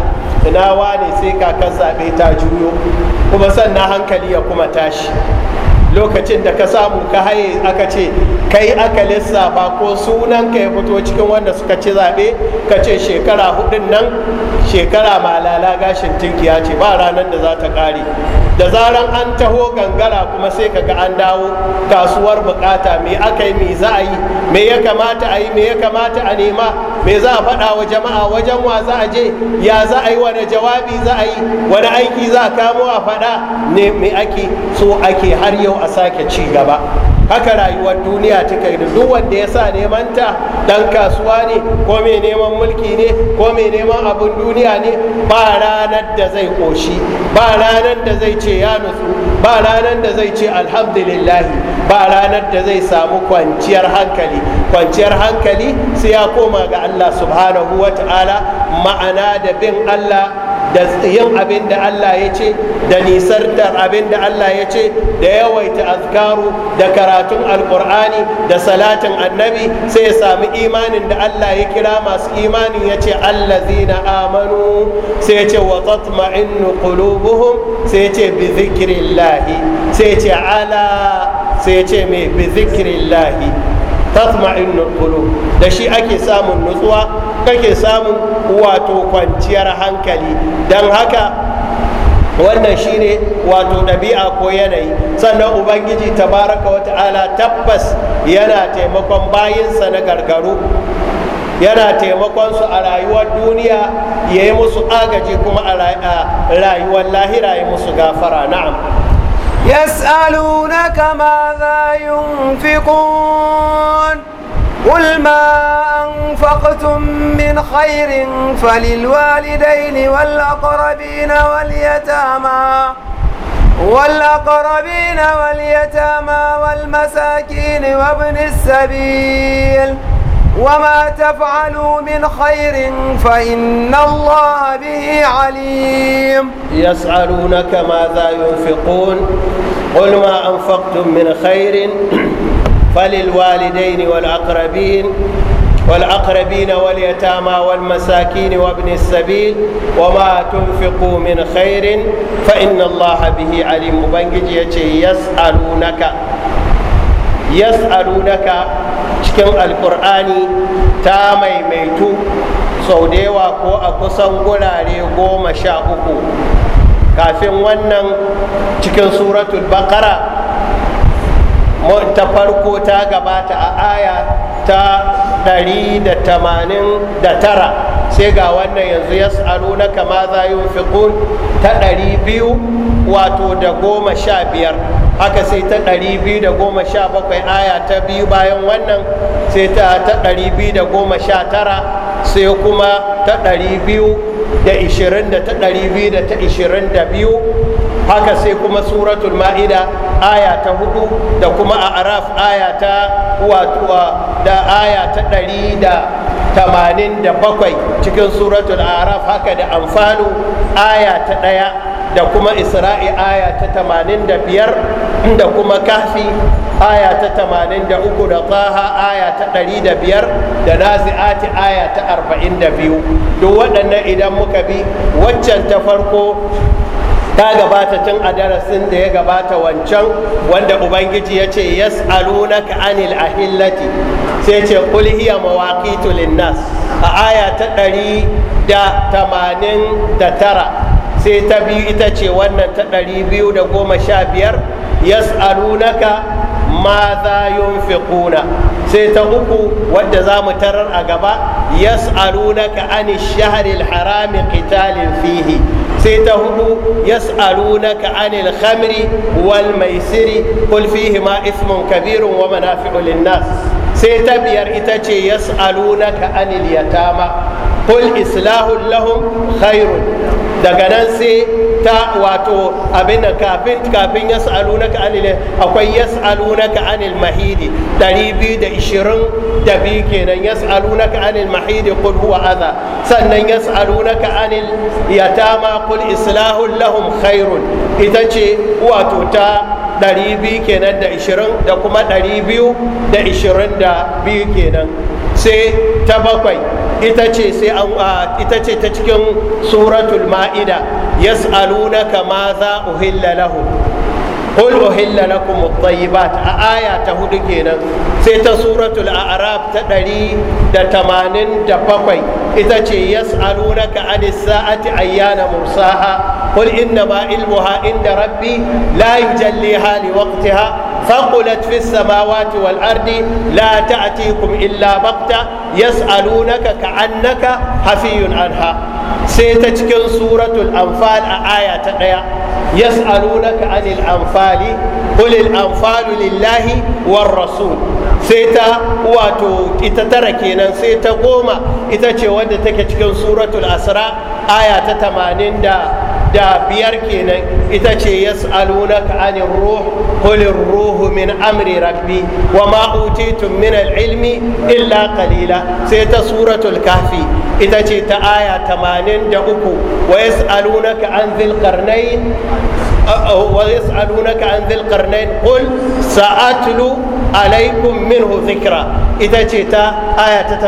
Speaker 1: ina wane sai kakan zaɓe ta juyo kuma sannan hankali ya kuma tashi lokacin da ka samu ka haye aka ce kai aka lissafa ko sunan ka ya fito cikin wanda suka ci zaɓe ka ce shekara hudun nan shekara malala gashin ya ce ba ranar da za ta ƙare da zaran an taho gangara kuma sai kaga an dawo kasuwar bukata me aka yi me za a yi me ya kamata a yi me ya kamata a nema me za a faɗa wa jama'a wajen wa za a je ya za a yi wani jawabi za a yi wani aiki za a kamo a faɗa ne me ake so ake har yau a sake ci gaba haka rayuwar duniya take da duk wanda ya sa neman ta dan kasuwa ne ko mai neman mulki ne ko mai neman abin duniya ne ba ranar da zai koshi ba ranar da zai ce ya nutsu ba ranar da zai ce alhamdulillah ba ranar da zai samu kwanciyar hankali kwanciyar hankali sai ya koma ga Allah subhanahu wata'ala ma'ana da bin Allah da yin abin da Allah ya ce da nisantar abin da Allah ya ce da yawaita azkaru da karatun alkur'ani da salatin annabi sai ya sami imanin da Allah ya kira masu imanin ya ce zina amanu sai ya ce wa tatma'innu qulubuhum sai ya ce bi zikrillahi sai ya ce ala sai ya ce me bi zikrillahi tatma'innul qulub da shi ake samun nutsuwa kake samun wato kwanciyar hankali dan haka wannan shine wato dabi'a ko yanayi sannan ubangiji tabaraka wa ta'ala tabbas yana taimakon bayinsa na gargaru yana taimakon su a rayuwar duniya ya yi musu agaji kuma a rayuwar lahira ya musu gafara na'am
Speaker 2: يسألونك ماذا ينفقون قل ما أنفقتم من خير فللوالدين والأقربين واليتامى والأقربين واليتامى والمساكين وابن السبيل وما تفعلوا من خير فإن الله به عليم
Speaker 1: يسألونك ماذا ينفقون قل ما أنفقتم من خير فللوالدين والأقربين والأقربين واليتامى والمساكين وابن السبيل وما تنفقوا من خير فإن الله به عليم بنجي يسألونك يسألونك cikin alkur'ani ta maimaitu sau da yawa ko a kusan gurare goma sha uku kafin wannan cikin suratul bakara ta farko ta gabata a aya ta da tara, sai ga wannan yanzu ya tsaro na kama za yi ta ɗari biyu wato da goma sha biyar haka sai ta 217 aya ta biyu bayan wannan sai ta ta 219 sai kuma ta biyu da 20 da ta biyu da ta biyu haka sai kuma suratul ma'ida aya ta hudu da kuma a araf aya ta watuwa da aya ta ɗari da tamanin da bakwai cikin suratul araf haka da amfanu aya ta ɗaya da kuma isra'i aya ta 85 da kuma kahfi aya ta 83 da taha aya ta 105 da nazi'ati aya ta biyu. duk waɗannan idan muka bi waccan ta farko ta gabata tun a darasin da ya gabata wancan wanda ubangiji ya ce yas'alunaka anil ahillati sai ce qul hiya tulin nas, a aya ta ɗari da tamanin da tara sai ta biyu ita ce wannan ta ɗari biyu da goma sha biyar yas'alunaka ma za yunfiquna sai ta uku wadda za mu tarar a gaba yas'alunaka an shahril harami qitalin fihi sai ta hudu yas'alunaka anil khamri wal maisiri qul fihi ma ismun kabirun wa manafi'u nas. sai ta biyar ita ce yas'alunaka anil yatama qul islahul lahum khairun daga nan sai ta wato abin da kafin kafin ya sa'alu na ka anil akwai ya sa'alu na ka anil mahidi 220 da biyu kenan ya sa'alu na ka anil mahidi kul huwa aza sannan ya sa'alu na ka anil yatama kul islahun lahum khairun ita ce wato ta 200 kenan da 20 da kuma 222 kenan sai ta bakwai ita ce sai an ita ce ta cikin suratul ma'ida yas'alunaka ma za uhilla lahum قل أهل لكم الطيبات آية تهدكينا سيتا سورة الأعراب تدري دا تمانين دا بقوي إذا يسألونك عن الساعة أيان مرساها قل إنما علمها عند إن ربي لا يجليها لوقتها فقلت في السماوات والأرض لا تأتيكم إلا بغتة يسألونك كأنك حفي عنها سيتشكل سورة الأنفال آية تقيا yas'alunaka anil anfali qul al anfalu lillahi war rasul sai ta wato ita tara kenan sai ta goma ita ce wanda take cikin suratul asra aya ta 80 da biyar kenan ita ce yas'alunaka anir ruh qul ruhu min amri rabbi wa ma utitum min al-ilmi illa qalila sai ta suratul kafi ita ce ta aya uku wa ya an dhil qarnayn ويسألونك عن ذي القرنين قل سأتلو عليكم منه ita ce ta aya ta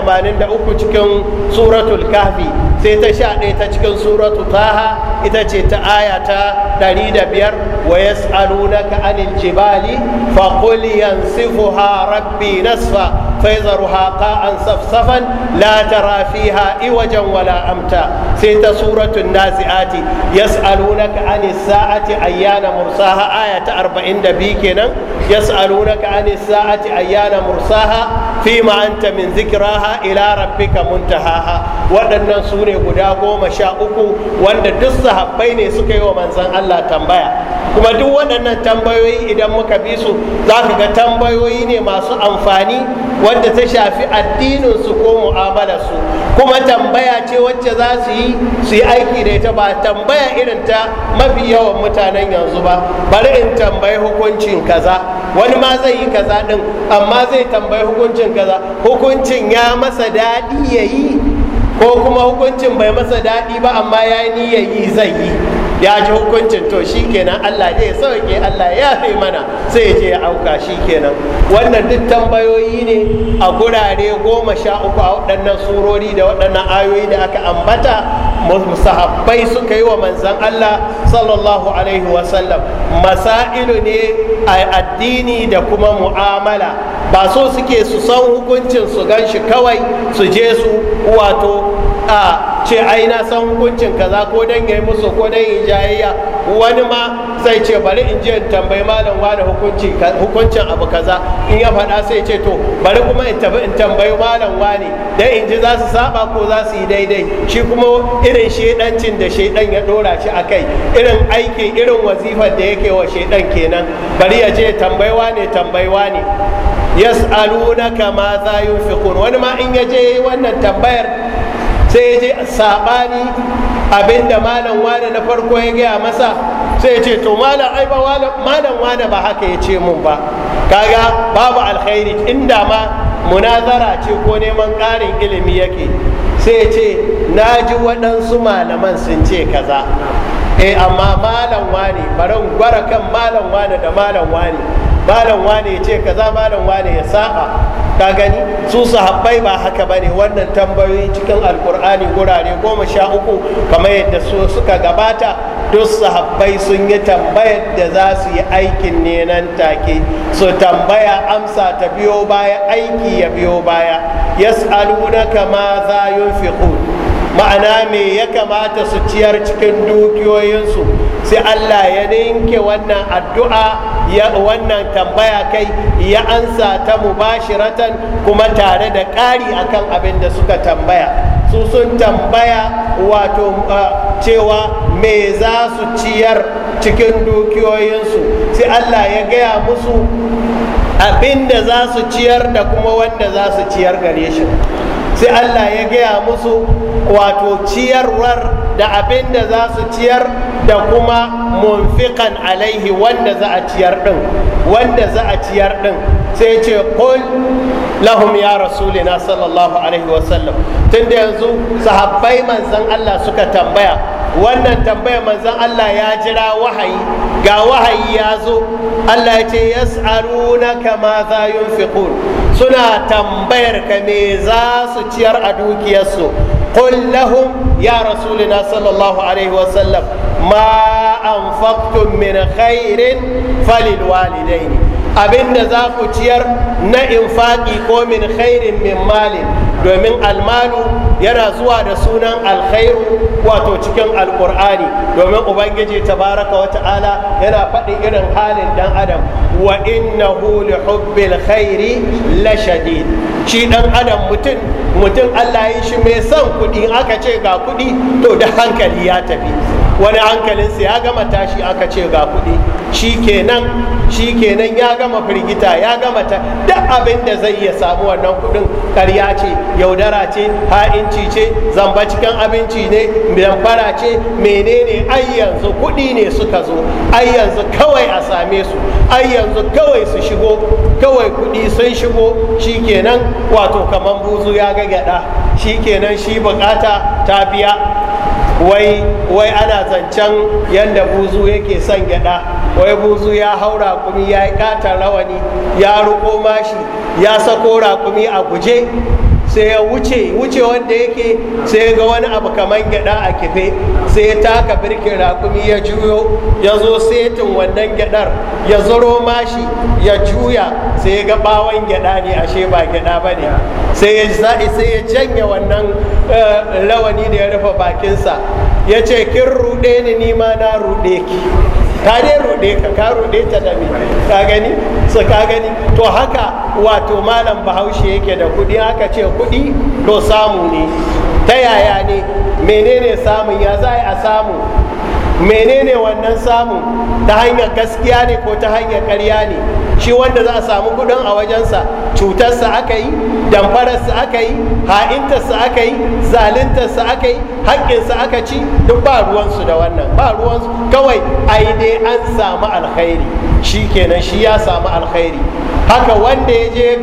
Speaker 1: uku cikin suratul kahfi sai ta sha ɗaya ta cikin suratul taha ita ce ta aya ta 105 wa yas'alunaka anil jibali fa qul yansifuha rabbi nasfa فيذرها قاعا صفصفا لا ترى فيها عوجا ولا امتا سيت سوره النازعات يسالونك عن الساعه ايان مرساها ايه 42 كده يسالونك عن الساعه ايان مرساها فيما انت من ذكراها الى ربك منتهاها waɗannan su ne guda goma sha uku wanda duk sahabbai ne suka yi wa manzan Allah tambaya kuma duk waɗannan tambayoyi idan muka bi su za ka ga tambayoyi ne masu amfani wadda ta shafi addininsu ko mu'amalarsu kuma tambaya ce wacce za su yi su yi aiki da ita ba tambaya irin ta mafi yawan mutanen yanzu ba bari in tambayi hukuncin kaza wani ma zai yi kaza ɗin amma zai tambayi hukuncin kaza hukuncin ya masa daɗi ya yi ko kuma hukuncin bai masa daɗi ba amma ya yi yi zai yi ya ji hukuncin to shi kenan Allah zai sauke Allah ya fi mana sai ya je ya auka shi kenan wannan duk tambayoyi ne a gurare goma sha uku a waɗannan surori da waɗannan ayoyi da aka ambata musahabbai suka yi wa manzan Allah sallallahu alaihi wasallam masailu ne a addini da kuma mu'amala ba so suke su san hukuncin su ganshi kawai su je su wato a ce ai na san hukuncin kaza ko dan yayi musu ko dan yi jayayya wani ma zai ce bari in je in tambayi malam wani hukunci hukuncin abu kaza in ya faɗa sai ce to bari kuma in tafi in tambayi malam wani dan in ji za su saba ko za su yi daidai shi kuma irin shedancin da shedan ya dora shi kai irin aiki irin wazifar da yake wa shedan kenan bari ya je tambayi ne tambayi ne yas'alunaka ma za yunfiqun wani ma in ya je wannan tambayar sai ya je saɓani abinda malam wane na farko ya gaya masa sai ya ce to malam ai ba malam wane ba haka ya ce mun ba kaga babu alkhairi inda ma munazara ce ko neman ƙarin ilimi yake sai ya ce na ji waɗansu malaman sun ce kaza eh amma malam wane baran gwara kan malam wane da malam wane malam wane ce kaza malam wane ya saba ka gani su sahabbai ba haka ba ne wannan tambayoyi cikin alkur'ani gurare goma sha uku kamar yadda su suka gabata duk sahabbai sun yi tambayar da za su yi aikin ne nan take su tambaya amsa ta biyo baya aiki ya biyo baya yas'aluna kama za yunfiqun ma'ana me ya kamata su ciyar cikin dukiyoyinsu sai Allah ya ninke wannan addu'a wannan tambaya kai ya ansa ta mubashiratan kuma tare da ƙari akan abin da suka tambaya su sun tambaya wato uh, cewa me za su ciyar cikin dukiyoyinsu sai allah ya gaya musu abin da za su ciyar da kuma wanda za su ciyar gare shi sai Allah ya gaya musu wato ciyarwar da abin da za su ciyar da kuma munfikan alaihi wanda za a ciyar din wanda za a ciyar din sai ce kul lahum ya rasulina sallallahu alaihi wasallam tunda yanzu sahabbai manzan Allah suka tambaya wannan tambayar manzon Allah ya jira wahayi ga wahayi ya zo Allah ya ce yas'alunaka ma za suna tambayar ka me za su ciyar a dukiyarsu قل لهم يا رسولنا صلى الله عليه وسلم ما أنفقتم من خير فللوالدين abinda za ku ciyar na infaki ko min khairin min malin domin almalu yana zuwa da sunan alkhairu wato cikin alkur'ani domin ubangiji tabaraka wa ta'ala yana faɗi irin halin dan adam wa innahu li hubbil khairi la shadid shi dan adam mutum mutum Allah ya shi mai son kuɗi aka ce ga kuɗi to da hankali ya tafi wani hankalinsa ya gama tashi aka ce ga kuɗi shikenan shikenan ya gama firgita ya gama ta duk abin da zai iya samu wannan kuɗin karya ce yaudara ce ha'inci ce zamba cikin abinci ne damfara ce menene ai yanzu kuɗi ne suka zo ai yanzu kawai a same su ai yanzu kawai su shigo kawai kuɗi sun shigo shikenan wato kamar buzu ya ga gyaɗa shikenan shi bukata ta biya wai wai ana zancen yadda buzu yake son gyada wai buzu ya hau rakumi ya yi katar rawani ya ruko mashi ya sako rakumi a guje sai ya wuce wuce wanda yake sai ga wani abu kamar gyada a kife sai ya taka birkin rakumi ya juyo ya zo setin wannan gyadar ya zaro mashi ya juya sai ya ga bawon gyada ne ashe ba gyada ba ne sai ya zaɗi sai ya janye wannan eh, lawani da ya rufe bakinsa ya ce kin ruɗe ni ma na ruɗe ki ta dai rode ka ka rode ta da ka gani su ka gani to haka wato malam bahaushe yake da kuɗi haka ce kuɗi to samu ne ta yaya ne menene samun ya za a samu menene wannan samu ta hanyar gaskiya ne ko ta hanyar karya ne shi wanda za a samu kudin a wajensa cutarsa aka yi damfararsa aka yi ha'intarsa aka yi zalintarsa aka yi haƙƙinsa aka ci duk ba ruwansu da wannan ba ruwansu kawai ai dai an samu alkhairi shi kenan shi ya samu alkhairi haka wanda ya je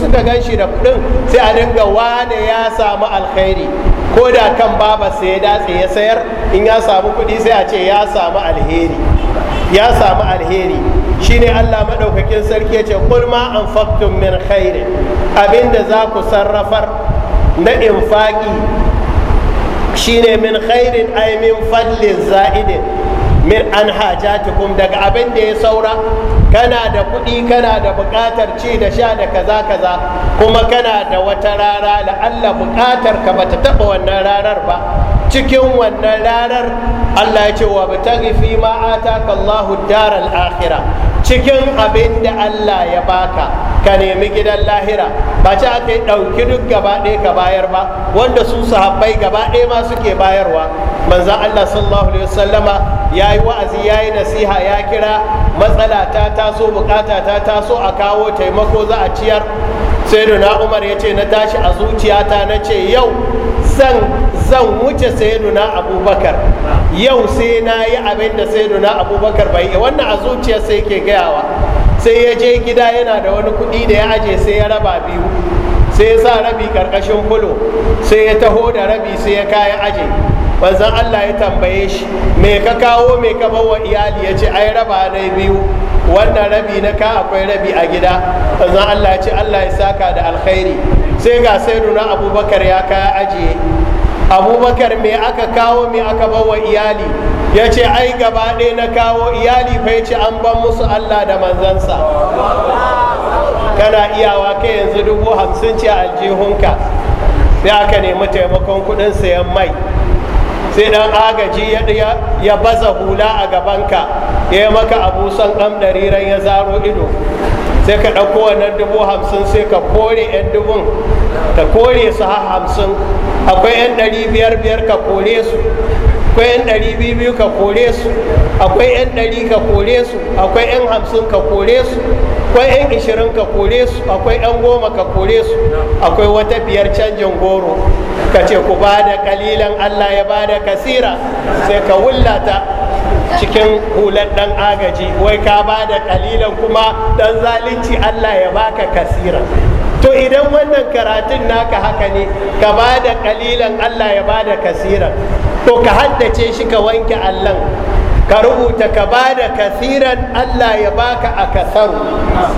Speaker 1: suka ganshi da kudin sai a dinga wane ya samu alkhairi ko da kan sai ya datse ya sayar in ya samu kuɗi sai a ce ya samu alheri ya samu alheri shine Allah maɗaukakin sarki ya ce kulma an faktun min khairin abinda za ku sarrafar na infaƙi shine min khairin ai min fadlin za'idin min an hajatikum daga abin da ya saura kana da kuɗi kana da buƙatar ci da sha da kaza kaza kuma kana da wata rara la'alla buƙatar ka bata taɓa wannan rarar ba cikin wannan ranar Allah ya ce wa bitagi fi ma ataka Allahu daral akhirah cikin abin da Allah ya baka ka nemi gidan lahira ba ci aka yi ɗauki duk gaba ɗaya ka bayar ba wanda su sahabbai gaba ɗaya ma suke bayarwa manzon Allah sallallahu alaihi wasallama ya yi wa'azi ya yi nasiha ya kira matsala ta taso bukata ta taso a kawo taimako za a ciyar sai da na umar ya ce na tashi a zuciyata na ce yau zan zan wuce sayiduna abubakar yau sai na yi abin da sayiduna abubakar bai yi wannan a zuciya sai ke gayawa sai ya je gida yana da wani kuɗi da ya aje sai ya raba biyu sai ya sa rabi karkashin kulo sai ya taho da rabi sai ya kaya aje manzon Allah ya tambaye shi me ka kawo me ka bawa iyali ya ce ai raba na biyu wannan rabi na ka akwai rabi a gida manzon Allah ya ce Allah ya saka da alkhairi sai ga sayyiduna abubakar ya kaya ajiye abubakar me aka kawo me aka bawa iyali ya ce ai gaba ɗaya na kawo iyali fa ce an ban musu allah da manzansa
Speaker 2: kana iyawa
Speaker 1: ka yanzu dubu hamsin ce aljihunka sai aka nemi taimakon kuɗin sayan mai sai dan agaji ya baza hula a gabanka ya yi maka abusan ɗan ɗariran ya zaro ido sai ka ɗauko wannan dubu hamsin sai ka kore 'yan dubun ka kore su ha hamsin akwai 'yan ɗari biyar biyar ka kore su akwai 'yan ɗari biyu biyu ka kore su akwai 'yan ɗari ka kore su akwai 'yan hamsin ka kore su akwai 'yan ishirin ka kore su akwai 'yan goma ka kore su akwai wata biyar canjin goro ka ce ku ba da kalilan allah ya ba da kasira sai ka wulata. cikin hular dan agaji wai ka ba da kalilan kuma dan zalunci allah ya baka kasira to idan wannan karatun naka haka ne ka ba da kalilan allah ya ba da kasira to ka haddace shi ka wanke allan ka rubuta ka ba da kasiran Allah ya baka a kasaru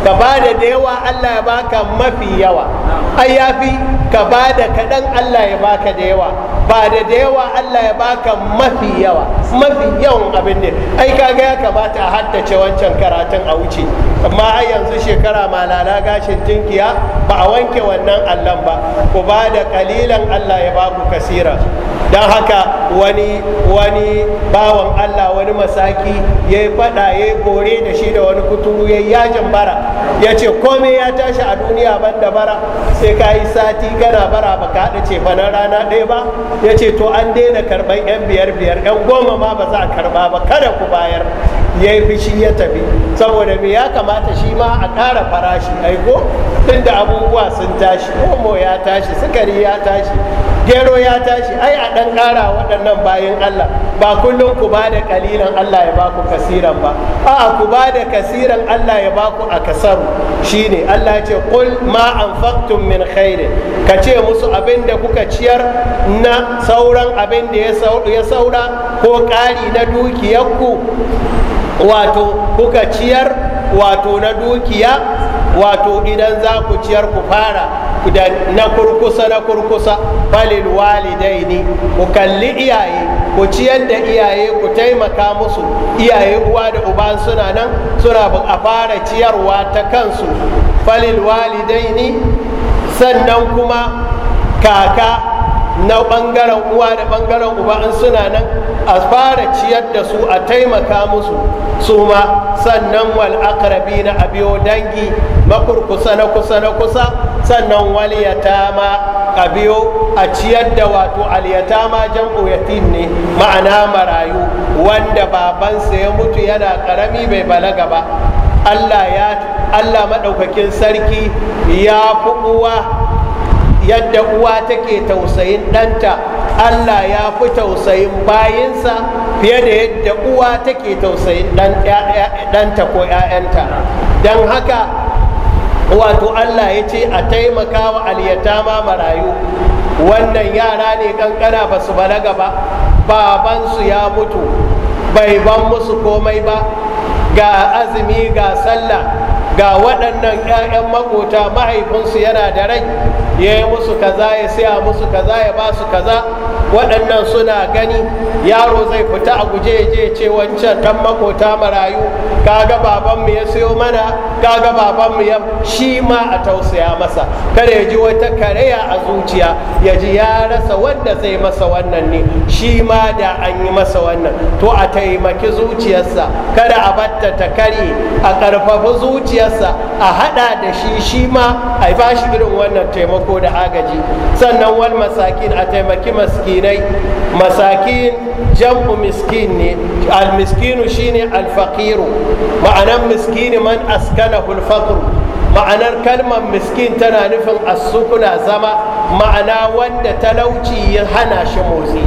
Speaker 1: ka ba da yawa Allah ya baka mafi yawa ai fi ka ba da kaɗan Allah ya baka da yawa ba da da yawa Allah ya baka mafi yawa mafi yawan abin ne ai kaga ya kamata a haddace wancan karatun a wuce amma har yanzu shekara malala gashin tinkiya ba a wanke wannan allon ba ku ba da kalilan Allah ya baku kasira don haka wani wani bawan allah wani masaki ya yi fada ya yi bore da shi da wani kuturu ya yi yajin bara ya ce komai ya tashi a duniya ban da bara sai ka yi sati gana bara ba ka haɗa ce na rana ɗaya ba ya ce to an daina karɓar yan biyar biyar yan goma ma ba za a karɓa ba kada ku bayar ya yi fishi ya tafi saboda me ya kamata shi ma a ƙara farashi aiko tunda abubuwa sun tashi omo ya tashi sukari ya tashi gero ya tashi ai a ɗan ƙara waɗannan bayan Allah ba kullum ku ba da ƙalilan Allah ya baku kasiran ba a'a ku ba da kasiran Allah ya baku a kasaru shine Allah ya ce qul ma anfaqtum min khairin ka ce musu abin da kuka ciyar na sauran abin da ya saura ko ƙari na dukiyarku wato kuka ciyar wato na dukiya wato idan za ku ciyar ku fara guda na kurkusa na kurkusa falil ne ku kalli iyaye ku ciyar da iyaye ku taimaka musu iyaye uwa da uba suna nan suna a fara ciyarwa ta kansu falil ne sannan kuma kaka na bangaren uwa da bangaren uba in suna nan a fara ciyar da su a taimaka musu su ma sannan wal akarabi na abiyo dangi makurkusa na kusa na kusa sannan wal yatama abiyo a ciyar da wato alyatama jam'u yatim ne ma'ana marayu wanda babansa ya mutu yana karami bai balaga ba Allah ya Allah maɗaukakin sarki ya fi uwa yadda uwa take tausayin ɗanta allah ya fi tausayin bayinsa fiye da yadda uwa take tausayin ɗanta ko 'ya'yanta don haka wato allah ya ce a taimaka wa ma marayu wannan yara ne kankana ba su balaga ba babansu ya mutu bai ban musu komai ba ga azumi ga sallah ga waɗannan 'ya'yan makota mahaifinsu yana da rai ya yi musu kaza ya siya musu kaza ya ba su kaza waɗannan suna gani yaro zai fita a guje je ce wancan ɗan makota marayu kaga babanmu ya siyo mana kaga babanmu ya shi ma a tausaya masa kada ya ji wata karaya a zuciya ya ji ya rasa wanda zai masa wannan ne shi ma da an yi masa wannan to a taimaki zuciyarsa kada a batta ta kare a ƙarfafi zuciyarsa a haɗa da shi shi ma a ba shi irin wannan taimako da agaji sannan wani masakin a taimaki maski miskinai masakin jam'u miskin ne almiskinu shine alfaqiru ma'anar miskini man askanahu alfaqru ma'anar kalmar miskin tana nufin asukuna zama ma'ana wanda talauci ya hana shi motsi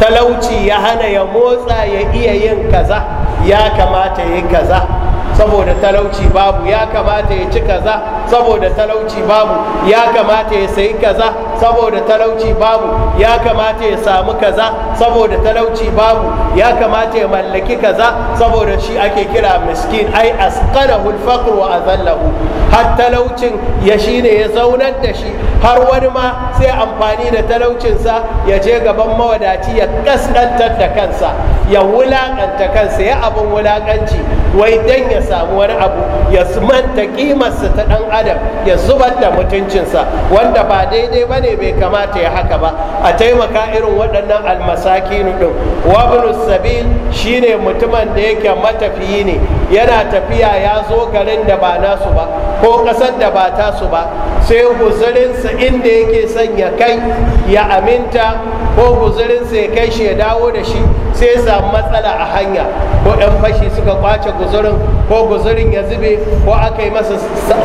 Speaker 1: talauci ya hana ya motsa ya iya yin kaza ya kamata ya yi kaza saboda talauci babu ya kamata ya ci kaza saboda talauci babu ya kamata ya sayi kaza saboda talauci babu ya kamata ya samu kaza saboda talauci babu ya kamata ya mallaki kaza saboda shi ake kira miskin ai asqalahu al a wa azallahu har talaucin ya shine ya zaunar da shi har wani ma sai amfani da talaucinsa ya je gaban mawadaci ya kaskantar da kansa ya wulakanta kansa ya abin wulakanci wai dan ya samu wani abu ya manta kimarsa ta dan adam ya zubar da mutuncinsa wanda ba daidai ba ne bai kamata ya haka ba a taimaka irin waɗannan almasaki ɗin wabnu sabil shine mutumin da yake matafiyi ne yana tafiya ya zo garin da ba nasu ba ko ƙasar da ba tasu ba sai huzurinsa inda yake son ya kai ya aminta ko huzurinsa ya kai shi ya dawo da shi sai samu matsala a hanya ko 'yan fashi suka kwace guzurin ko guzurin ya zube ko aka yi masa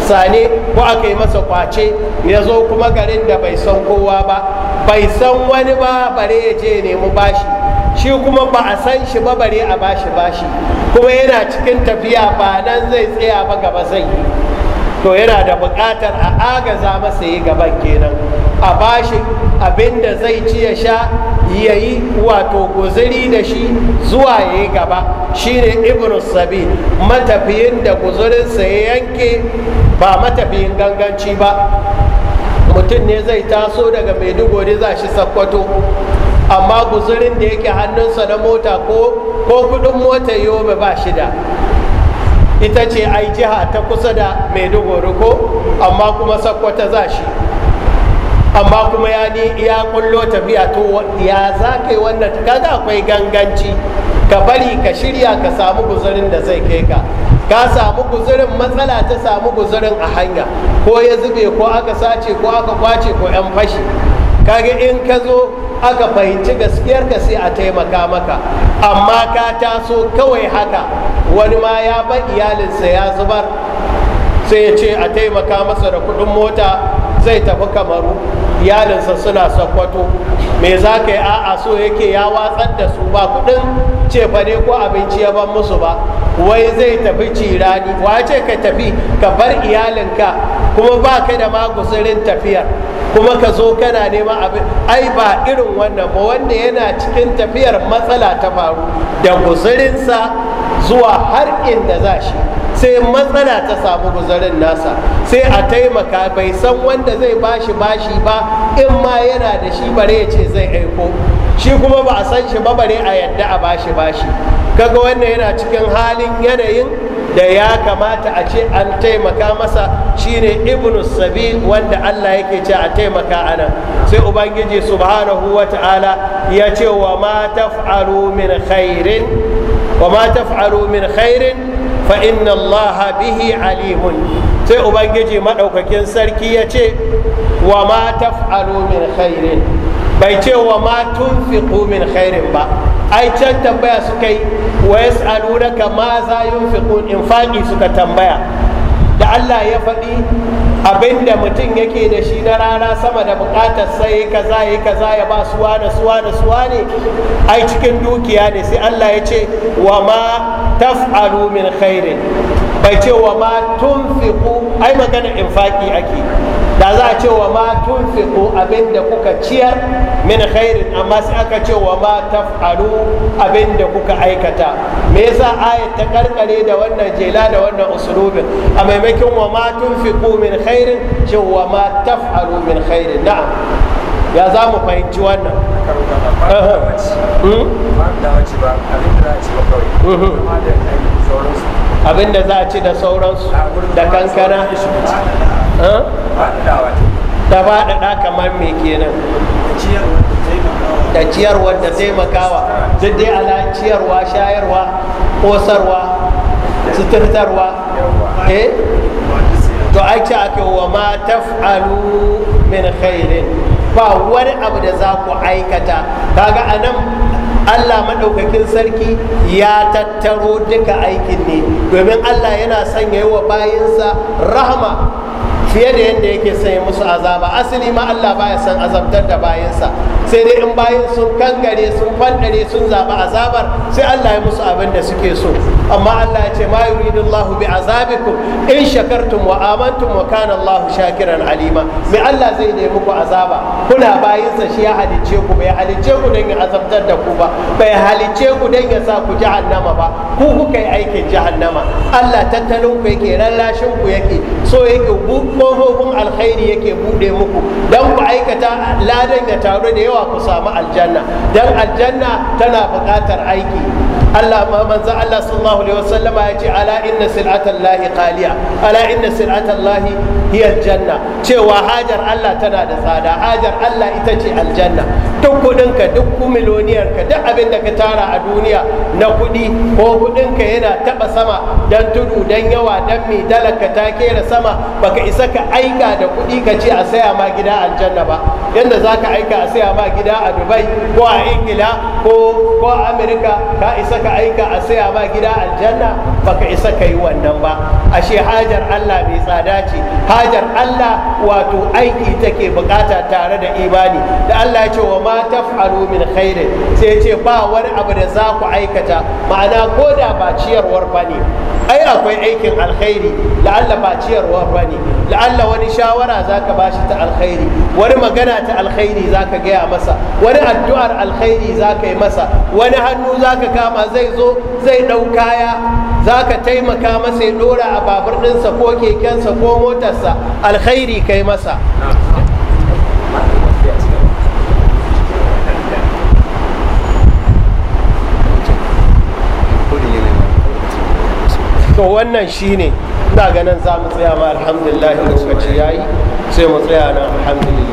Speaker 1: sane ko aka yi masa kwace ya zo kuma garin da bai san kowa ba bai san wani ba bare ya je nemi bashi shi kuma ba a san shi ba bare a bashi bashi kuma yana cikin tafiya ba nan zai tsaya ba gaba zai yi. to yana da buƙatar a agaza masa yi gaban kenan a bashi abin zai ci ya sha ya yi wato guzuri da shi zuwa ya yi gaba shine ibn sabi matafiyin da guzurinsa ya yanke ba matafiyin ganganci ba mutum ne zai taso daga maiduguri za shi sakkwato amma guzurin da yake hannunsa na mota ko kudin mota yobe ba shida ita ce ai jiha ta kusa da maiduguri ko amma kuma sokoto za shi amma kuma ya ni ya kullo tafiya to ya za ka yi wannan kaga akwai ganganci ka bari ka shirya ka samu guzurin da zai kai ka ka samu guzurin matsala ta samu guzurin a hanya ko ya zube ko aka sace ko aka kwace ko yan fashi kaga in ka zo aka fahimci gaskiyarka sai a taimaka maka amma ka taso kawai haka wani ma ya ba iyalinsa ya zubar sai ya ce a taimaka masa da kudin mota zai tafi kamaru iyalinsa suna sakwato me za ka yi a'a so yake ya watsar da su ba kudin cefa ne ko abinci ya ban musu ba wai zai tafi cirani wace ka tafi ka bar iyalinka kuma ba ka da magusirin tafiyar kuma ka zo kana nema abin ai ba irin wannan ba wanda yana cikin tafiyar matsala ta faru da guzurinsa zuwa har inda za shi sai matsala ta samu guzarin nasa sai a taimaka bai san wanda zai bashi bashi ba in ma yana da shi bare ya ce zai aiko shi kuma ba a san shi ba bare a yadda a bashi bashi kaga wannan yana cikin halin yanayin da ya kamata a ce an taimaka masa shine ibnu sabil wanda Allah yake ce a taimaka anan sai ubangiji subhanahu wata'ala ya ce wa ma taf'alu min khairin wa ma taf'alu min khairin fa inna Allah bihi alimun sai ubangiji madaukakin sarki ya ce wa ma taf'alu min khairin bai ce wa ma tunfiqu min khairin ba ai can tambaya suka yi wa yas'alunaka ma za in faɗi suka tambaya da Allah ya faɗi abinda mutum yake da shi na rana sama da buƙatar sai kaza yi za ya ba suwa da suwa da suwa ne ai cikin dukiya ne sai Allah ya ce wa ma taf'alu min khairin bai ce wa ma tunfiqu ai magana infaqi ake da za a ce wa ma tunfiqu abin da kuka ciyar min khairin amma sai aka ce wa ma taf'alu abin da kuka aikata me yasa ayat ta karkare da wannan jela da wannan usulubin a maimakon wa ma tunfiqu min khairin ce wa ma taf'alu min khairin na'am ya za mu fahimci wannan abin da za a ci da sauransu da kankana da faɗaɗa kamar me kenan da ciyarwa da taimakawa duk dai ala ciyarwa shayarwa ƙosarwa suturtarwa eh? to aiki ake wa ma taf'alu min khairin ba wani abu da za ku aikata kaga anan Allah maɗaukakin sarki ya tattaro duka aikin ne domin Allah yana sanya wa bayansa rahama fiye da yadda yake sanya musu azaba asali ma Allah baya san azabtar da bayansa sai dai in bayan sun kangare sun fandare sun zaɓi azabar sai Allah ya musu abin da suke so amma Allah ya ce ma yuridullahu bi azabikum in shakartum wa amantum wa kana Allahu shakiran alima mai Allah zai ne muku azaba kuna bayinsa shi ya halicce ku bai halicce ku don ya azabtar da ku ba bai halicce ku don ya sa ku jahannama ba ku kuka yi aikin jahannama Allah tattalin ku yake lallashin ku yake so yake kofofin alkhairi yake buɗe muku dan ku aikata ladan ya taru da yawa ku samu aljanna dan aljanna tana buƙatar aiki Allah ma Allah sallallahu alaihi wasallama ya ce ala inna lahi qaliya ala inna hiya aljanna cewa hajar Allah tana da tsada hajar Allah ita ce aljanna duk kudinka duk ka duk abin da ka tara a duniya na kudi ko kudinka yana taba sama dan tudu dan yawa dan mai dalaka ta kera sama baka isa ka aika da kudi ka ce a saya ma gida aljanna ba yadda za ka aika a saya ma gida a dubai ko a ingila ko ko a ka isa ka aika a saya ma gida aljanna baka isa ka yi wannan ba ashe hajar Allah mai tsada ce hajar Allah wato aiki take bukata tare da imani da Allah ya ce wa ma taf'alu min khairin sai ya ce ba wani abu da za ku aikata ma'ana ko da ba ciyarwar ai akwai aikin alkhairi la'alla ba ciyarwar bane allah wani shawara za ka bashi ta alkhairi wani magana ta alkhairi za ka gaya masa wani addu'ar alkhairi za ka yi masa wani hannu za ka kama zai zo zai ɗau kaya za ka taimaka masa ya ɗora a babur ɗinsa ko kekensa ko motarsa alkhairi kai masa to wannan shine ne ina ganin za mu tsaya ma alhamdulillah lokaci ya yi sai mu tsaya na alhamdulillah